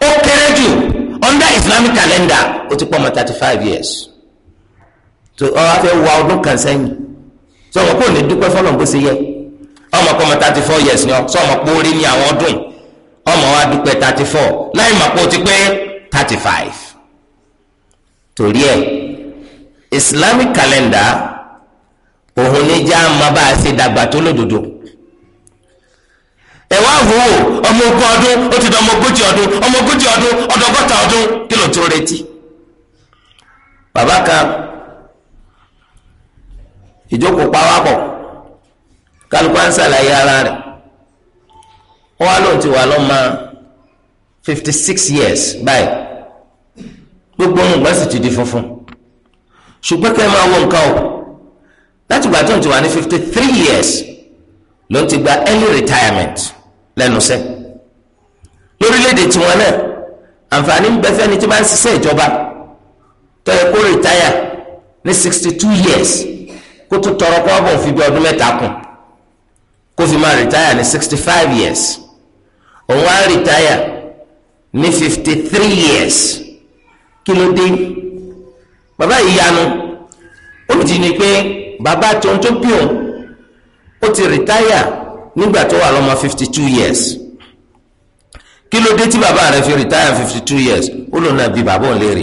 ó kéré jù under islamic calendar ó ti pọ̀ ọmọ thirty five years tó ọ wá fẹ́ wá ọdún kan sẹ́yìn sọ wọn kò ní dúpẹ́ fọlọ́n bó ṣe yẹ ọmọ kọ́ ọmọ thirty four years ni ọ sọ ọmọ pọ́ọ́rí ní àwọn ọdún yìí ọmọ wa dúpẹ́ thirty four láì mọ̀ pé ó ti pé thirty five torí ẹ̀ islamic calendar òun ní já máa bá a ṣe dàgbà tó lódodo ẹ wá wò ó ọmọ ogún ọdún ó ti di ọmọ ogójì ọdún ọmọ ogójì ọdún ọdọgọ́ta ọdún kí ló tún retí bàbá kan ìjókòó pawápọ̀ kálukú á ń ṣàlàyé ara rẹ̀ wọ́n á lóun ti wà lọ́mọ fifty six years báyìí gbogbo ohun ìgbà sì ti di funfun ṣùgbọ́n kẹ́ ẹ máa wọ nǹkan o láti gbà tó ń ti wà ní fifty three years ló ń ti gba early retirement lẹ́nu sẹ́ lórílẹ̀‐èdè tiwọn náà àǹfààní ń bẹ fẹ́ni tí bá ń ṣiṣẹ́ ìjọba tó yẹ kó retire ní sixty two years kó tó tọrọ kó ọbọ̀ fi bí ọdún mẹ́ta kù kó fi máa retire ní sixty five years òun á retire ní fifty three years kí ló dé bàbá yìí yanu ó ti ní pé bàbá tóun tó bí òun ó ti rìtáyà nígbà tó wà lọ́mọ fifty two years kí ló dé tí bàbá rẹ̀ fi rìtáyà fifty two years ó lòun náà bí bàbá òun léèrè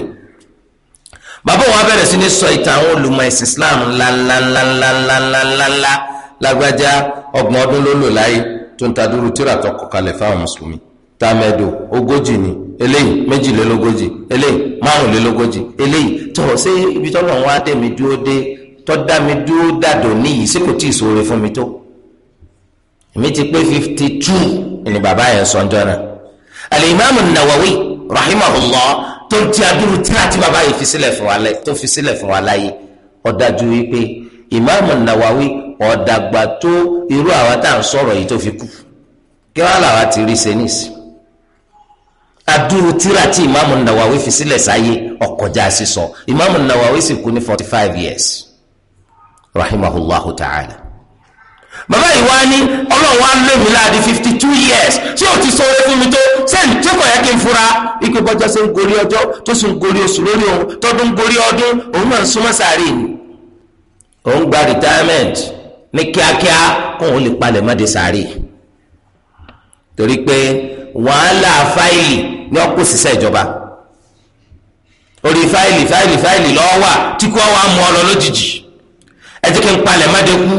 bàbá wọn bẹ̀rẹ̀ sí ní sọ ìtàn àwọn olùmọ̀ ẹ̀sìn Islam ńláńláńláńláńláńláńlá lágbájá ọgbọ̀n ọdún ló lò láyé tó ń ta dúró tíra tó kọ kalẹ̀ fáwọn mùsùlùmí tá a mẹ́dọ̀ ogójì ni eléyìí méjìlélógójì eléyìí márùnlélógójì eléyìí tó o ṣe ibi tó lọ́n wá dé mi dúró dé tó dá mi dúró dàdò níyì sí kò tí ì sóore fún mi tó èmi ti pé fifty two ni bàbá yẹn sọ ọjọ́ náà alimami nawawi rahimahullah tó ń ti adúrú tíra tí bàbá yìí fi sílẹ̀ fún wa láyé tó wípé imaamu nawawi ọ̀dàgbà tó irú àwa tá à ń sọ̀rọ̀ yìí tó fi kú kí wọ́n á ti rí sẹ́nìsì adúrú tíra tí ìmáàmù Nawawi fi sílẹ̀ sáyé ọ̀kọjá sísọ ìmáàmù Nawawi sì kú ní forty five years rahimahullahu ta'ala bàbá yìí wá ní ọlọ́run wá lómi láàdí fifty two years tí o ti sọ orí fún mi tó sẹ́ni tí kò yẹ kí n fura ike bọ́jọ́ sí ń gorí ọjọ́ tó sì ń gorí oṣù lórí òun tọdún gorí ọdún òun náà ń súnmọ́ sàárè ni òun gba retirement ní kíákíá kó òun lè palẹ̀ mọ́ de sàárè torí pé wàhálà fáìlì ni ó kó sísẹ́ ìjọba orí fáìlì fáìlì fáìlì lọ́wọ́ wà tí kò wá mú ọ lọ lójijì ẹ ti kí n palẹ̀ má dé kú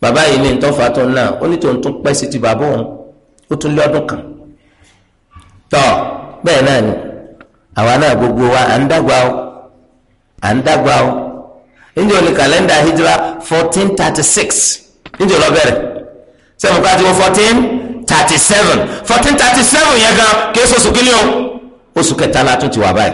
bàbá yìí ní ntọ́fà tó náà ó ní tòun tún pẹ́ sí ti bàbá òun ó tún lé ọdún kan tọ́ bẹ́ẹ̀ náà ni àwa náà gbogbo wa à ń dàgbà o à ń dàgbà o níjẹ́ òní kàlẹ́ndà hijra fourteen thirty six níjẹ́ òní ọbẹ̀rẹ̀ sẹ́mu ká ti wọ fourteen thirty seven fourteen thirty seven yẹn gan kéésì oṣù kìíní o oṣù kẹta la tún ti wà báyìí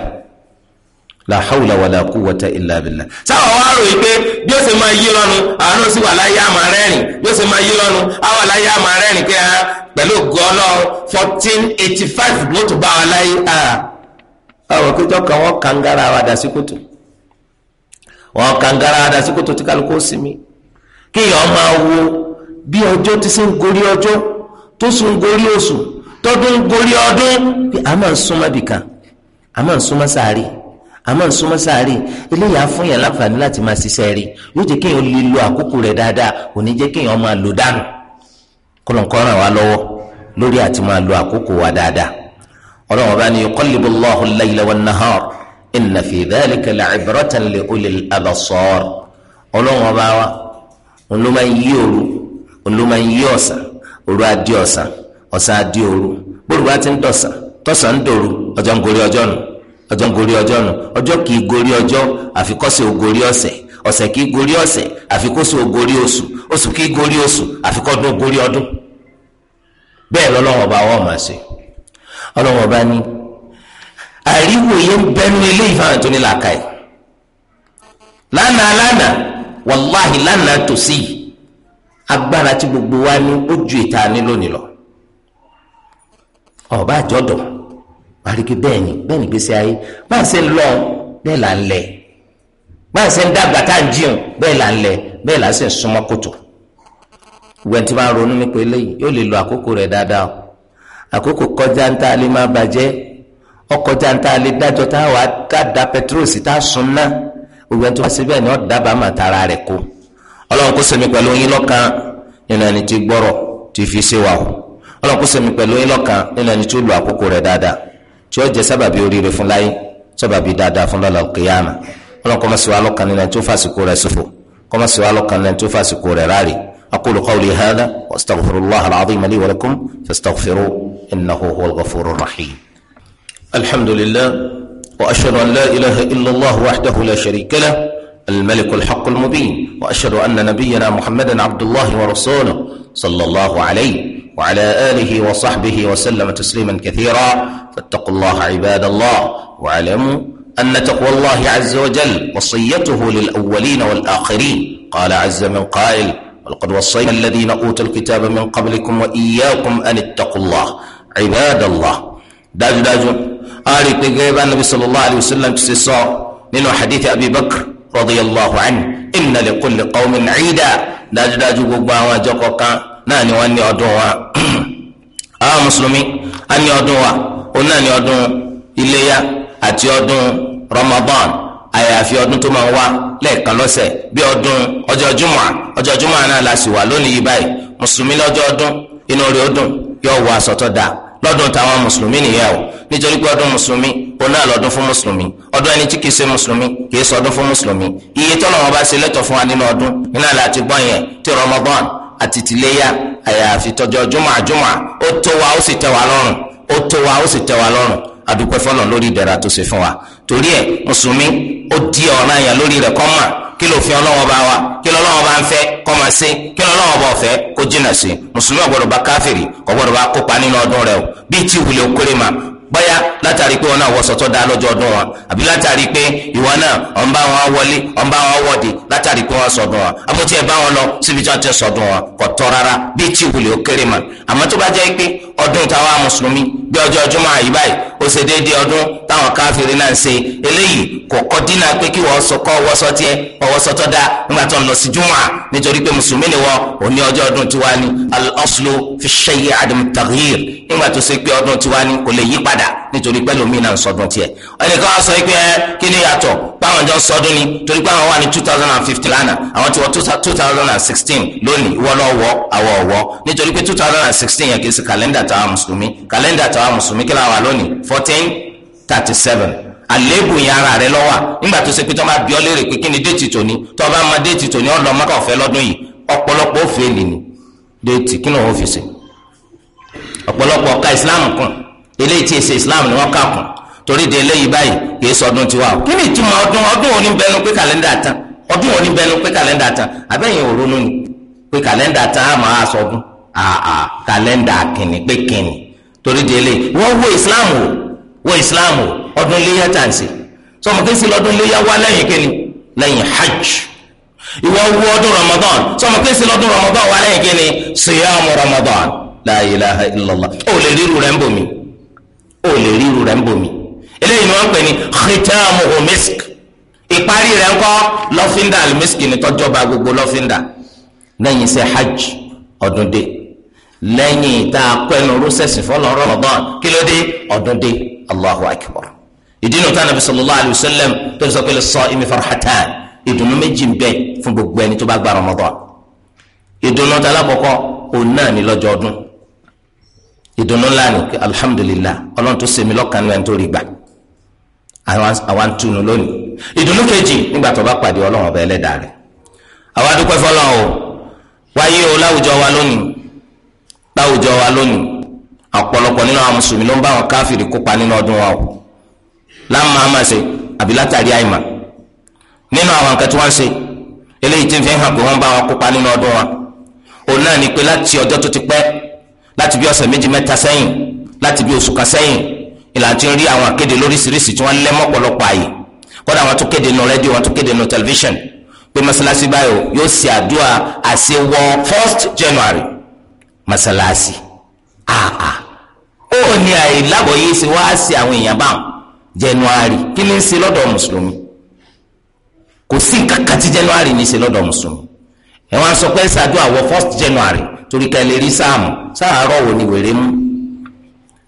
la hawla wala quwwata illa sáwọn wa rò yìí pé bí ó ṣe máa yí lọ́nu àánú sì wà láyé àmà rẹ́rìn bí ó ṣe máa yí lọ́nu àwọn láyé àmà rẹ́rìn pé hàn ah, pẹ̀lú gọ́lọ́ fourteen eighty five ló tún bá wa láyé àwọn ah, òkèjọ́ kan wọ́n kàngara wa dà sí kòtò wọ́n kàngara wa dà sí kòtò tí kálukú sinmi kí èèyàn máa wo bí ọjọ́ ti ṣe gorí ọjọ́ tó sùn gorí oṣù tọdún gorí ọdún pé a máa ń súnmọ́ bìkan a máa ń súnmọ́ sáré a máa ń súnmọ́ sáré eléyàá fún yàn láǹfààní láti máa ṣiṣẹ́ rí yóò jẹ́ kéèyàn lè lo àkókò rẹ̀ dáadáa kò ní jẹ́ kéèyàn máa lò dànù kọlọ̀ǹkọ́ ràn wá lọ́wọ́ lórí àti máa lo àkókò wa dáadáa ọlọ́run ọba ni yuqallibu Allahu al-layla wan-nahar inna fi dhalika la'ibratan li ulil absar ọlọ́run ọba wa òun ló máa ń yí òru òun ló máa ń yí ọ̀sán oru adé ọsa ọsa adé oru bóru bá ti ń dọ̀sán tọ̀sán ń dòru ọjọ ń gorí ọjọ́ nù ọjọ́ ń gorí ọjọ́ nù ọjọ́ kì í gorí ọjọ́ àfikọ́sẹ̀ ò gorí ọ̀sẹ̀ ọ̀sẹ̀ kì í gorí ọ̀sẹ̀ àfikọ́sẹ̀ ò oṣù oṣù kì í gorí oṣù àfikọ́dún ò ọdún bẹ́ẹ̀ lọ́lọ́wọ́ bá wọ́n máa ṣe ọlọ́wọ́ bá ní àríwòye ń bẹnu ilé ìfahàn tó ní làákàyè lánàá lánàá wàláhì lánàá tòsí yìí agbára tí gbogbo wa ní ó ju ìta ní lónìí lọ ọba àjọdọ àríkí bẹ́ẹ̀ ni bẹ́ẹ̀ ni gbèsè ayé bá a ṣe ń lọ bẹ́ẹ̀ là ń lẹ bá a ṣe ń dàgbà tá à ń jíun bẹ́ẹ̀ là ń lẹ bẹ́ẹ̀ là ń ṣe ń súnmọ́ kòtò ìwẹ̀ tí máa ronú nípa eléyìí yóò lè lo àkókò rẹ̀ dáadáa o àkókò kọjá ń tá a lè máa bàjẹ́ ọkọjá ń tá a lè dájọ́ tá a wà á tá a sùn ná ìwẹ̀ tó wá síbẹ̀ ni ọ̀ dábàá màtara rẹ̀ kó ọlọ́run kó sẹ̀mí pẹ̀lú yín lọ́kàn nínú ẹni tí gbọ́rọ̀ tí fi ṣe wà o ọlọ́run kó sẹ̀mí pẹ̀lú yín lọ́kàn nínú ẹni tí ó lu àkókò rẹ̀ dáadáa tí ó jẹ́ sábàbí oríire fún láyé sábàbí dáadáa fún lọ́la kìyàmà ọlọ́run kó má ṣe wá lọ́kàn nínú ẹni tó fàṣìkò rẹ̀ ṣòfò kó má ṣe wá lọ́kàn nínú ẹni tó fàṣìkò rẹ̀ ráre أقول قولي هذا وأستغفر الله العظيم لي ولكم فاستغفروه إنه هو الغفور الرحيم الحمد لله وأشهد أن لا إله إلا الله وحده لا الملك الحق المبين وأشهد أن نبينا محمدا عبد الله ورسوله صلى الله عليه وعلى آله وصحبه وسلم تسليما كثيرا فاتقوا الله عباد الله واعلموا أن تقوى الله عز وجل وصيته للأولين والآخرين قال عز من قائل ولقد وصينا الذين أوتوا الكتاب من قبلكم وإياكم أن اتقوا الله عباد الله داجو داجو آلي آه، تقريبا النبي صلى الله عليه وسلم تسيصا nínú حديث أبي بكر radiyallahu anhu inna li kulli qawmin 'ida dájúdájú gbogbo àwọn àjọ kọ̀ọ̀kan náà ni wọ́n ní ọdún wa àwọn mùsùlùmí á ní ọdún wa ó náà ní ọdún iléyà àti ọdún ramadan àyàfi ọdún tó máa ń wá lẹ́ẹ̀kan lọ́sẹ̀ bí ọdún ọjọ́ jùmọ̀ ọjọ́ jùmọ̀ náà la sì wà lónìí yìí báyìí mùsùlùmí lọ́jọ́ ọdún inú rẹ̀ ó yóò wọ aṣọ tó dáa táwọn mùsùlùmí nìyẹn o nítorí pé ọdún mùsùlùmí òun náà lọ́dún fún mùsùlùmí ọdún ẹni tí kìí ṣe mùsùlùmí kìí ṣe ọdún fún mùsùlùmí iye tọ́lọ̀ wọn bá ṣe lẹ́tọ̀ fún wa nínú ọdún iná láti gbọ́n yẹn ti Ramadan àti tìléyà àyàfi tọjọ́ jùmọ̀ àjùmọ̀ ó tó wa ó sì tẹ́ wa lọ́rùn ó tó wa ó sì tẹ́ wa lọ́rùn adúpẹ́ fọlọ́ lórí ìdẹ̀ra tó ṣe fún wa torí ẹ̀ mùsùlùmí ó di ọ̀ràn yẹn lórí rẹ̀ kọ́ mà kí ló fi ọlọ́wọ́ bá wa kí lọ́wọ́ bá ń fẹ́ kọ́ máa ṣe kí lọ́wọ́ bá ọ̀fẹ́ kó jìnnà sí mùsùlùmí ọ̀gbọ́dọ̀ bá káfìrí ọ̀gbọ́dọ̀ bá kópa nínú ọdún rẹ̀ o bíi tí ìwúlẹ̀ okòrè mà bóyá látàrí pé wọn náà wọ sọtọ dá lọ́jọ́ ọdún wọn àbí látàrí pé ìwọ náà ọ̀n bá wọn wọlé ọ̀n bá wọn wọ̀dì látàrí pé wọn sọdún wọn àbótí ẹ bá wọn lọ síbi tí wọn ti sọdún wọn kò tọ́ rárá bíi tí wùlé ó kéré mà àmọ́ tó bá jẹ́ pé ọdún táwa mùsùlùmí bí ọjọ́ júmọ́ àyè báyìí ó ṣe déédéé ọdún táwọn káfíìrì náà ń ṣe eléyìí kò kọ́ dínà pé kí wọ́n sọkọ́ ọwọ́sọ tiẹ̀ ọwọ́sọ tó dáa nígbà tó ń lọ sí júmọ́ à nítorí pé mùsùlùmí ni wọ́n ò ní ọjọ́ ọdún tiwa ni al-aslu fi shay'i adam taghyir nígbà tó ṣe pé ọdún tiwa ni kò lè yí padà nítorí pẹ́ lómi náà ń sọdún tiẹ̀ ẹnìkan á sọ pé ẹ kí ni yàtọ̀ báwọn jọ sọdún ni torí pé àwọn wà ní two thousand and fifteen lánàá àwọn ti wọ two thousand and sixteen lónìí ìwọ lọ wọ àwọ ọwọ nítorí pé two thousand and sixteen yẹn kì í ṣe kàlẹ́ndà tàwa mùsùlùmí kàlẹ́ndà tàwa mùsùlùmí kí làwọn lónìí fourteen thirty seven àléébù yẹn ara rẹ lọ́wọ́ nígbà tó ṣe pé tó máa bí ọ léèrè pé kí ni déètì tòní tó bá máa déètì tòní ọ̀dọ́ mọ́kà ọ̀fẹ́ lọ́dún yìí ọ̀pọ̀lọpọ̀ òfin èlì ni déètì kí ni òun fi ṣe ọ̀pọ̀lọpọ̀ ọ̀ka ìsìláàmù kan eléyìí tí èsì islam ni wọ́n kà kún torí de eléyìí báyìí kìí sọdún tiwa o kí ni ìtumọ̀ ọdún ọdún òní bẹnu pé kàlẹ́ndà tán ọdún òní bẹnu pé kàlẹ́ndà tán abẹ́yìn òrónú ni pé kàlẹ́ndà tán á máa sọdún àà kàlẹ́ndà kìnnì pé kìnnì torí de eléyìí wọ́n wo islam o wo islam o ọdún léyà tàǹsì sọmọ kí n sì lọ́dún léyà wá lẹ́yìn kìnnì lẹ́yìn hajj ìwọ wo ọdún ramadan sọmọ kí n sì lọ́dún ramadan wá lẹ́yìn kìnnì siyamu ramadan la ilaha illallah ó lè rí rẹ̀ ń bò ó lè rí irú rẹ̀ ń bomi eléyìí ni wọ́n pè ní khitamuhu misk ìparí rẹ̀ ńkọ́ lọ́fíńdà alimisk ni tọ́jọba gbogbo lọ́fíńdà lẹ́yìn iṣẹ́ hajj ọdún dé lẹ́yìn tá a pẹ́nu rúṣẹ̀sì fọlọ́ Ramadan kí ló dé ọdún dé Allahu akbar ìdí nu tánà bí sallallahu alayhi wa sallam tó ń sọ pé lis-sa'imi farhatan ìdùnnú méjì ń bẹ fún gbogbo ẹni tó bá gba Ramadan ìdùnnú tálá kọ̀kọ́ òun náà ní lọ́jọ́ ọdún ìdùnnú ńlá ni alhamdulillah ọlọ́run tó ṣe mí lọ́kàn ní ẹni tó rí gbà àwa ń túnu lónìí ìdùnnú kejì nígbà tó bá pàdé ọlọ́run ọba ẹlẹ́dàá rẹ̀ àwa dúpẹ́ fọlọ́run o wáyé o láwùjọ wa lónìí láwùjọ wa lónìí ọ̀pọ̀lọpọ̀ nínú àwọn mùsùlùmí ló ń bá àwọn káfíìrì kópa nínú ọdún wa o láàmú àmàṣe àbí látàrí àìmọ̀ nínú àwọn nǹkan tí wọ́n ń ṣe eléyìí tí fi hàn pé wọ́n bá wọn kópa nínú ọdún wa òun náà ni pé láti ọjọ́ tó ti pẹ́ láti bí ọ̀sẹ̀ méjì mẹ́ta sẹ́yìn láti bí oṣù kan sẹ́yìn ìlànà tí ń rí àwọn akéde lóríṣiríṣi tí wọ́n lẹ́ mọ́pọ̀lọpọ̀ àyè kọ́dà wọn tún kéde nu rẹ́díò wọn tún kéde nu tẹlifíṣàn pé masalasi báyò yóò ṣe àdúrà àṣewọ first january masalasi àà ó ní àyè lábọ̀ yìí ṣe wá sí àwọn èèyàn báwọn january kí ni ń ṣe lọ́dọ̀ mùsùlùmí kò sí nǹkan january ní í ṣe lọ́dọ̀ mùsùlùmí ẹ̀ wọ́n sọ pé ṣàdúrà wọ first january torí ká lè rí sáàmù sáàárọ̀ wo ni wèrè mú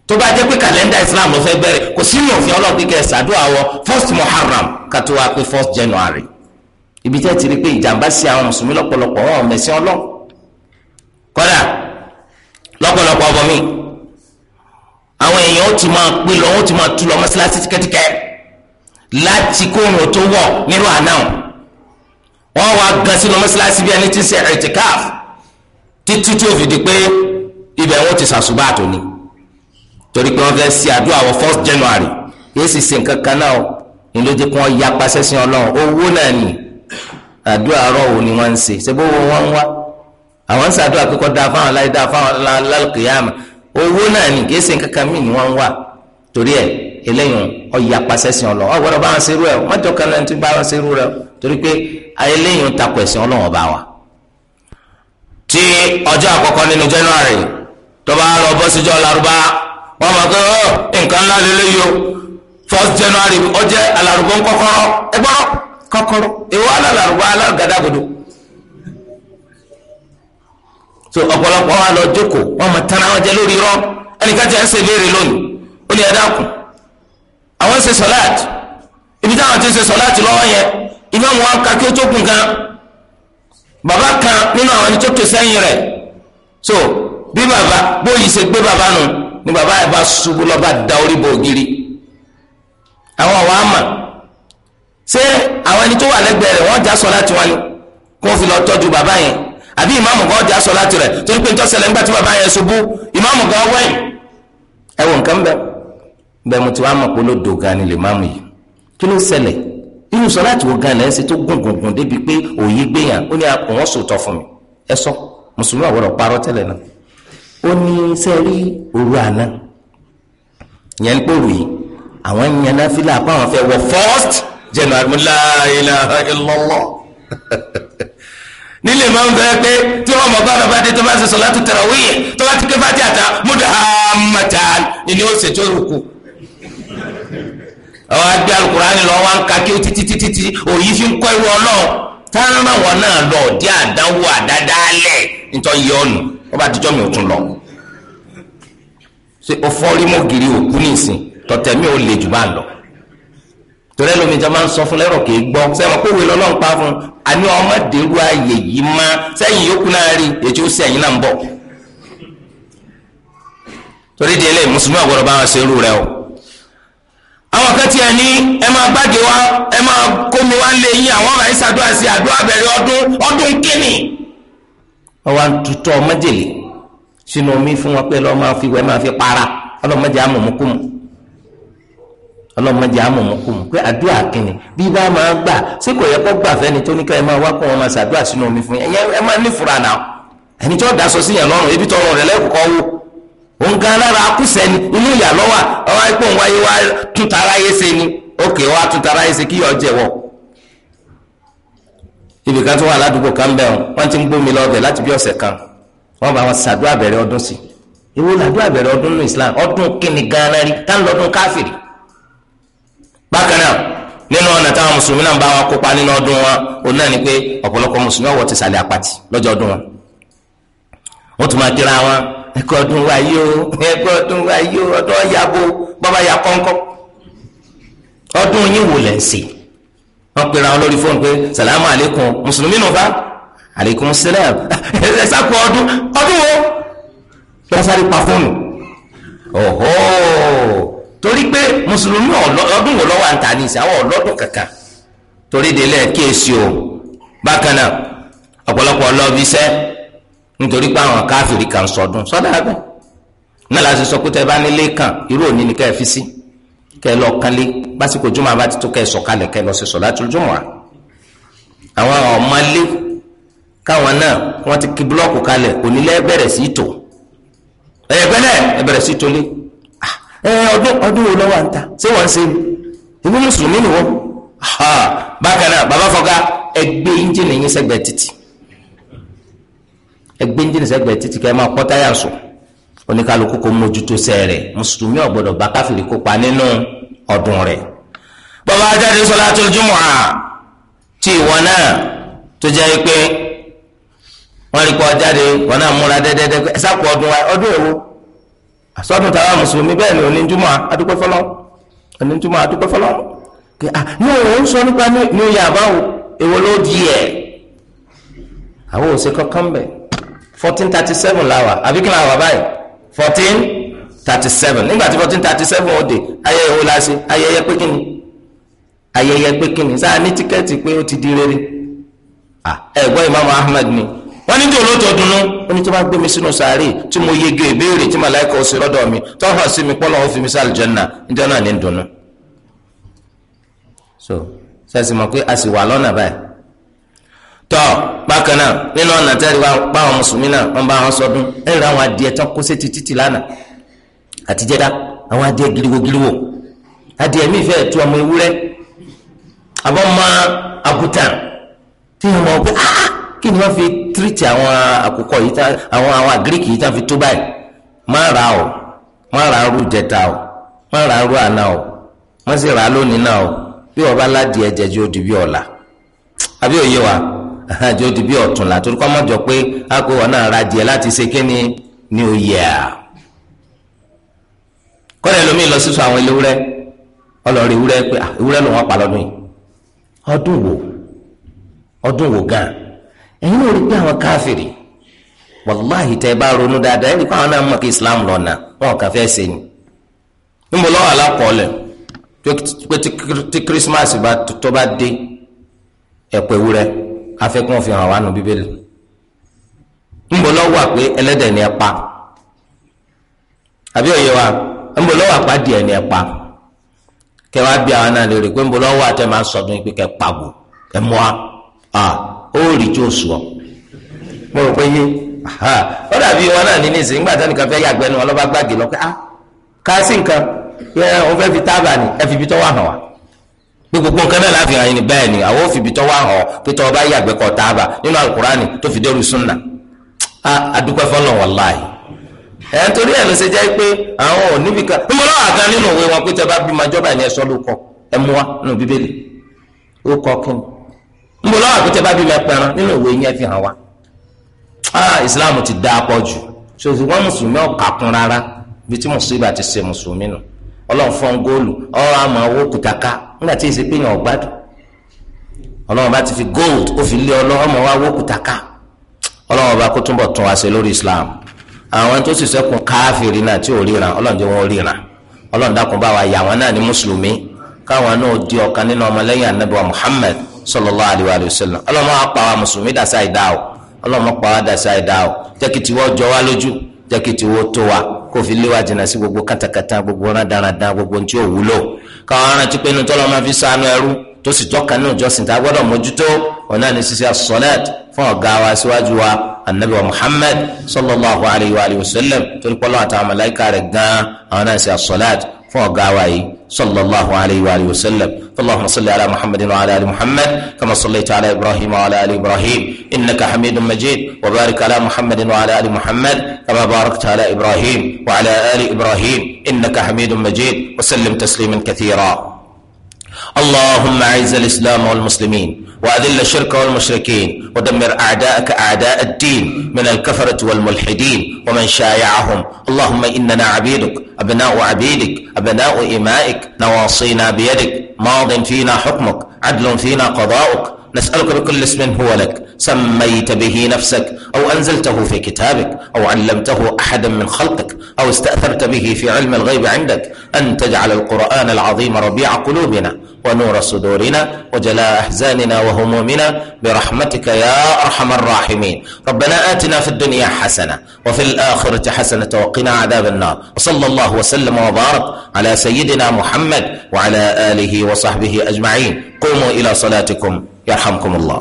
tó bá jẹ́ pé kàlẹ́ndà islam ló fẹ́ bẹ̀rẹ̀ kò sínú òfin ọlọ́ọ̀pẹ kẹ́ ṣàdúrà wọ first muharram kátó wa pé first january ibi tẹ́ ti rí pé ìjàmbá sí àwọn mùsùlùmí lọ́pọ̀lọpọ̀ wọn mẹ̀sìn ọlọ́ kọ́dà lọ́pọ̀lọpọ̀ ọbọ mi àwọn èèyàn ó ti máa pè lọ ó ti máa tu lọ mọ́sálásí tíkẹ́tíkẹ́ láti kóòrùn tó wọ̀ nírú àná wọn wá gan sí lọ mọ́sálásí bí ẹni tí ń ṣe ẹ̀tìkáàfù títí tí ó fi di pé ibẹ̀ wọn ti sàṣùbà àtòní torí pé wọ́n fẹ́ ṣe àdúrà wọ first January yóò sì ṣe nǹkan kan náà ní ló dé kí wọ́n ya paṣẹ sí Ọlọ́run owó náà ni àdúrà àárọ̀ wo ni wọ́n ń ṣe ṣé bó wọ́n ń wá àwọn ń ṣàdúrà pé kó dáa fáwọn aláìdáa fáwọn lálùkìyàmà owó náà ni kì í ṣe nǹkan kan míì ni wọ́n ń wá torí ẹ̀ eléyìí ó ya paṣẹ sí Ọlọ́run ọ̀gbọ́dọ̀ bá wọn ṣerú ẹ̀ wọ́n kan náà ti bá wọn ṣerú rẹ̀ torí pé eléyìí ń takò ẹ̀sìn Ọlọ́run ọba wa. tí ọjọ́ àkọ́kọ́ nínú January tó bá lọ bọ́ síjọ́ Lárúbá wọ́n mọ̀ pé ó oh, nǹkan ńlá lélẹ́yìí o first January ó jẹ́ alárúbọ̀ kọ́kọ́rọ́ ẹ kọ́kọ́rọ́ èwo alárúbọ̀ alárúgàdàgodo so ọ̀pọ̀lọpọ̀ wa lọ jókòó wọ́n mọ̀ tán àwọn jẹ́ lórí irọ́ ẹnìkan jẹ́ ń ṣe lónìí ó ní ẹ̀dá kù àwọn ṣe sọ́láàtì ibi táwọn ti ṣe sọ́láàtì lọ́wọ́ yẹn ìfẹ́ wọn ká kí Baba kan nínú àwọn ẹni tó tó sẹ́yìn rẹ̀ so bí bàbá bóyì ṣe gbé bàbá nù ni baba yẹn bá ṣubú lọ bá da orí bo ògiri àwọn àwọn àmà ṣé àwọn ẹni tó wà lẹ́gbẹ̀ẹ́ rẹ̀ wọ́n já sọ láti wọn ni kó fi lọ tọ́jú bàbá yẹn àbí ìmáàmù kan já sọ láti rẹ̀ torí pé ntọ́sẹ̀lẹ̀ ńgbà tí bàbá yẹn ṣubú ìmáàmù kan wẹ̀yìn ẹ̀wọ̀n nǹkan bẹ́ẹ̀ bẹ́ẹ̀ mo ti wá mọ̀ pé ló dògan ni lè máàmù yìí kí ló ṣẹlẹ̀ irú sọláàtì wo gan lẹ́sìn tó gùn gùn gùn débi pé òye gbéyàn ó ní akùn wọn sòótọ́ fún mi ẹ sọ mùsùlùmí àwọ̀rọ̀ parọ́ tẹ́lẹ̀ náà ó ní sẹ́rí òru àná yẹn ń pòrò yìí àwọn yẹn náà fi láàpá àwọn fẹ́ wọ first january mo la ilaha illallah nílé máa ń bẹ́ẹ̀ pé tí wọ́n mọ̀ bá bàbá dé tó bá ṣe sọ̀látù tarawih tó bá ti ké fàtí àtà mudahammatan ni ó ṣètò òkú. ọ adé alukurani lọ wá ń ka kí o títí títí tí òyì fi ń kọ́ irú ọlọ́ọ̀ tààrà wọn náà lọ ọ̀dí àdánwò àdádálẹ̀ nítorí yẹ ọ̀nù wọ́n bá mi ò lọ. o fọ́rí òkú nìsín tọ̀tẹ̀ mi ò lọ. torí máa ń sọ fún lẹ́rọ kì í gbọ́ sẹ́wọ̀n kó pa fún àní ààyè yìí má sẹ́yìn yókù náà torí di mùsùlùmí bá wọn ṣe rẹ àwọn kan tiẹ̀ ní ẹ máa gbàgé wa ẹ máa kómi wa lé yín àwọn ọ̀rọ̀ àìsàdúrà sí àdúrà bẹ̀rẹ̀ ọdún ọdún kínní. ọwọ́ àtúntò májèlé sínú omi fún wọn pé lọ́ọ́ máa fi wẹ́ máa fi para ọlọ́mọdé amòmókùmù ọlọ́mọdé amòmókùmù pé àdúrà kínní bí bá máa gbà sí kò yẹ kó gbà fẹ́ni tó ní ká ẹ máa wá kó wọn máa ṣàdúrà sínú omi fún yẹn ẹ máa nífura náà ẹni tí wọ́n dá sọ sí yẹn lọ́rùn ebi tọrọ rẹ lẹ́kọ̀ọ́ wò o gan lára akúṣẹ̀ ni inú ìyà lọ́wà ọwọ́ ipò ń wáyé wá tún taráyé ṣe ni òkè wá tún taráyé ṣe kí yọ jẹ̀wọ́. ibì kan tó wà ládùúgbò kan bẹ́ẹ̀ wọ́n ti ń gbómi láti bí ọ̀sẹ̀ kan wọ́n bá wọn ṣàdúrà bẹ̀rẹ̀ ọdún sí i ewu làdúrà bẹ̀rẹ̀ ọdún ní Islam ọdún gan rí bákan náà nínú ọ̀nà táwọn mùsùlùmí náà bá wọn kópa nínú ọdún ẹkọ ọdún wa yìí o ẹkọ ọdún wa yìí o ọdún ọyàbò bàbá ya kọ́ńkọ́ ọdún yìí wò lẹ́ ń sè wọ́n pera wọn lórí fóònù pé salamu alaykum mùsùlùmí nù fa alaykum salam ẹ sàkó ọdún ọdún wo lọ́sàrí pa fóònù ọ̀hó torí pé mùsùlùmí ọdún wo lọ́wọ́ àǹtà ní ìsìn àwọn ọlọ́dún kankan torí délẹ̀ kí èsì o bákan náà ọ̀pọ̀lọpọ̀ ọlọ́ọ̀bí sẹ́ẹ́ nítorí pé àwọn káfìrí kan sọdún sọdá abẹ náà láti sọ pé tẹ bá nílé kan irú òní ni kẹ fi sí kẹ lọ kanlé básìkò jùmọ̀ abá ti tó kẹ sọ̀kalẹ̀ kẹ lọ sí sọ̀látul jumu'a àwọn ọmọlé káwọn náà wọ́n ti kí búlọ́ọ̀kù kalẹ̀ onílé bẹ̀rẹ̀ sí tò ẹ̀ẹ́bẹ̀rẹ̀ ẹ̀bẹ̀rẹ̀ sí tolé ah, ọdún ọdún wo lọ́wọ́ àǹtà ṣé wọ́n ń ṣe ìwé mùsùlùmí nìwọ́ bákan náà bàbá fọ́gá ẹgbẹ́ ìjìnlẹ̀ yín sẹ́gbẹ̀ẹ́ títì ẹgbẹ́ ń jìnnìṣẹ́ gbẹ títí kẹ́ máa pọ́ táyà sùn oníkálukú kò mójútó sẹ́ rẹ̀ mùsùlùmí ọ̀gbọ́dọ̀ bá káfíìrì kópa nínú ọdún rẹ̀. bàbá ajáde sọlátul jumu'a tí ìwọ náà tó jẹ́ pé wọ́n rí pọ́ jáde wọn náà múra dẹ́dẹ́dẹ́ ẹ sápò ọdún wa ọdún èwo àsọdún tàwa mùsùlùmí bẹ́ẹ̀ ni òní jùmọ̀ àdúpẹ́ fọlọ́ òní jùmọ̀ fọlọ́ 14:37 thirty seven la wà àbí kí la wà báyìí fourteen thirty seven nígbà tí fourteen thirty seven ó dé ayẹyẹ wo la ṣe ayẹyẹ pé kíni ayẹyẹ pé kíni sáà ní tíkẹ́ẹ̀tì pé ó ti di rere ni wọ́n ní ó ní tó bá gbé mi sínú sàárè mo yege ìbéèrè tí màláìka ó sì rọ́dọ̀ mi tó hàn sí mi pọ́nlọ́ ó mi sálì jẹ́nà níjọ́ ní so sẹ́sìmọ̀ pé a sì wà lọ́nà tọ́ bákan náà nínú ọ̀nà tẹ́lẹ̀ báwọn mùsùlùmí náà wọ́n bá wọn sọdún ẹ̀ rẹ̀ àwọn adìẹ tán kó sétí títì lánàá àtijẹ́dá àwọn adìẹ giriwo giriwo adìẹ mi fẹ́ tu ọmọ ewúrẹ́ àbọ̀ mọ àgùtàn tí wọ́n mọ̀ pé ah kí ni wọ́n fi tírìtì àwọn àkùkọ yìí tá àwọn àwọn àgíríkì yìí tá fi tó báyìí má ra o má ra arú jẹta o má ra arú àná o má sì ra lónìí náà o bí wọ́n bá ládìẹ jẹjẹ ó bí ọ̀la àjọ di bí ọ̀túnla torí kọ́ mọ́jọ pé àgọ́ wọn náà ra díẹ̀ láti ṣe kí ni new year kọ́lẹ̀ lómi lọ sísọ àwọn ilé ọlọ́ọ̀rẹ́ ewúrẹ́ pé ah, ewúrẹ́ ló wọ́n pa lọ́dún yìí ọdún wo ọdún wo gan ẹ̀yin náà rí pé àwọn káfìrì wàláhì tẹ́ ẹ bá ronú dáadáa ẹ̀rí pé àwọn islam lọ́nà wọn kàn fẹ́ ṣe ni níbo lọ́wọ́ alákọ̀ọ́lẹ̀ pé tí kírísímàsì tó bá afẹ́kún fi hàn wá nù bíbélì ńbọ lọ́wọ́ wà pé ẹlẹ́dẹ̀ ni ẹ pa àbí òye wa ńbọ lọ́wọ́ àpá díẹ̀ ni ẹ pa kẹ wá bí àwọn náà lè rí pé ńbọ lọ́wọ́ àtẹ máa sọdún pé kẹ pàgò ẹ mú wa ó rí tí ó sùọ mo rò pé yé ó dàbí wọn náà ní nísìnyí nígbà tẹnìkan fẹ́ yàgbẹ́ ọlọ́ba gbàgé lọ pé ah ká nǹkan yẹ ọ fẹ́ fi tábà ní ẹ fi ibi tó wà hàn wá. gbogbo nǹkan náà láfi hàn yín ni bẹ́ẹ̀ ni àwọn òfìbí tọ́wọ́ hàn pé tọ́wọ́ bá yàgbẹ́ kọ́ táàbà nínú alukurani tó fi dẹ́rù sunna adúpẹ́ fọlọ́ wàláyé ẹ̀ ń torí ẹ̀ ló ṣe jẹ́ pé àwọn ò níbi kan bí àga nínú òwe wọn pé tẹ́ bá bí ẹni ló kọ mú wa nínú bíbélì ó kọ kí ni bá bí a pọ̀ jù mùsùlùmí ọlọ́run fọ́n góòlù ọ̀rọ̀ àmọ́ owó kùtàkà nígbà tí èsì péyàn ọ̀gbádùn ọlọ́run bá ti fi gold ó fi lé ọlọ́run ọmọ wa owó kùtàkà ọlọ́run bá kó túnbọ̀ tún wá sí lórí Islam àwọn tó sì sẹ́kùn káfíìrì náà tí ò ríran ọlọ́run jẹ́ wọn ríran ọlọ́run dákun bá wa yà wọn náà ní mùsùlùmí káwọn náà di ọ̀kan nínú ọmọlẹ́yìn anabi wa Muhammad sallallahu alayhi wa sallam ọlọ́run máa pa wa mùsùlùmí dàsá ìdá o ọlọ́run máa pa wa dàsá ìdá o jẹ́ kí jẹ́kìtì wo tó wa kó fi léwà jìnnà sí gbogbo kátàkátà gbogbo rádaràdà gbogbo ntí ò wúlò káwọn arántí pé inú tọ́lọ́ máa fi ṣàánú ẹrú tó sì tọ́ka ní ìjọsìn tá a gbọ́dọ̀ mójútó ọ̀nà ní sísẹ́ sọ́lẹ́t fún ọ̀gá wa síwájú wa anabi wa muhammad sallallahu alayhi wa sallam torí pọ́lọ́ àtàwọn màláíkà rẹ̀ gan-an àwọn náà sì sọ́lẹ́t fún ọ̀gá wa yìí sallallahu alayhi wa sallam allahumma salli ala muhammed wa ala muhammed kama sọlẹ̀ sallaita ala ibrahim alá ala ibrahim ibrahim ka hamidu majid wa barik ala muhammed wa ala ali muhammad kama barakta ala ibrahim wa ala alá ibrahim ka hamidu majid wa sallim tasliman kathira. اللهم اعز الاسلام والمسلمين واذل الشرك والمشركين ودمر اعداءك اعداء الدين من الكفره والملحدين ومن شايعهم اللهم اننا عبيدك ابناء عبيدك ابناء امائك نواصينا بيدك ماض فينا حكمك عدل فينا قضاؤك نسألك بكل اسم هو لك سميت به نفسك أو أنزلته في كتابك أو علمته أحدا من خلقك أو استأثرت به في علم الغيب عندك أن تجعل القرآن العظيم ربيع قلوبنا ونور صدورنا وجلاء أحزاننا وهمومنا برحمتك يا أرحم الراحمين ربنا آتنا في الدنيا حسنة وفي الآخرة حسنة وقنا عذاب النار وصلى الله وسلم وبارك على سيدنا محمد وعلى آله وصحبه أجمعين قوموا إلى صلاتكم يرحمكم الله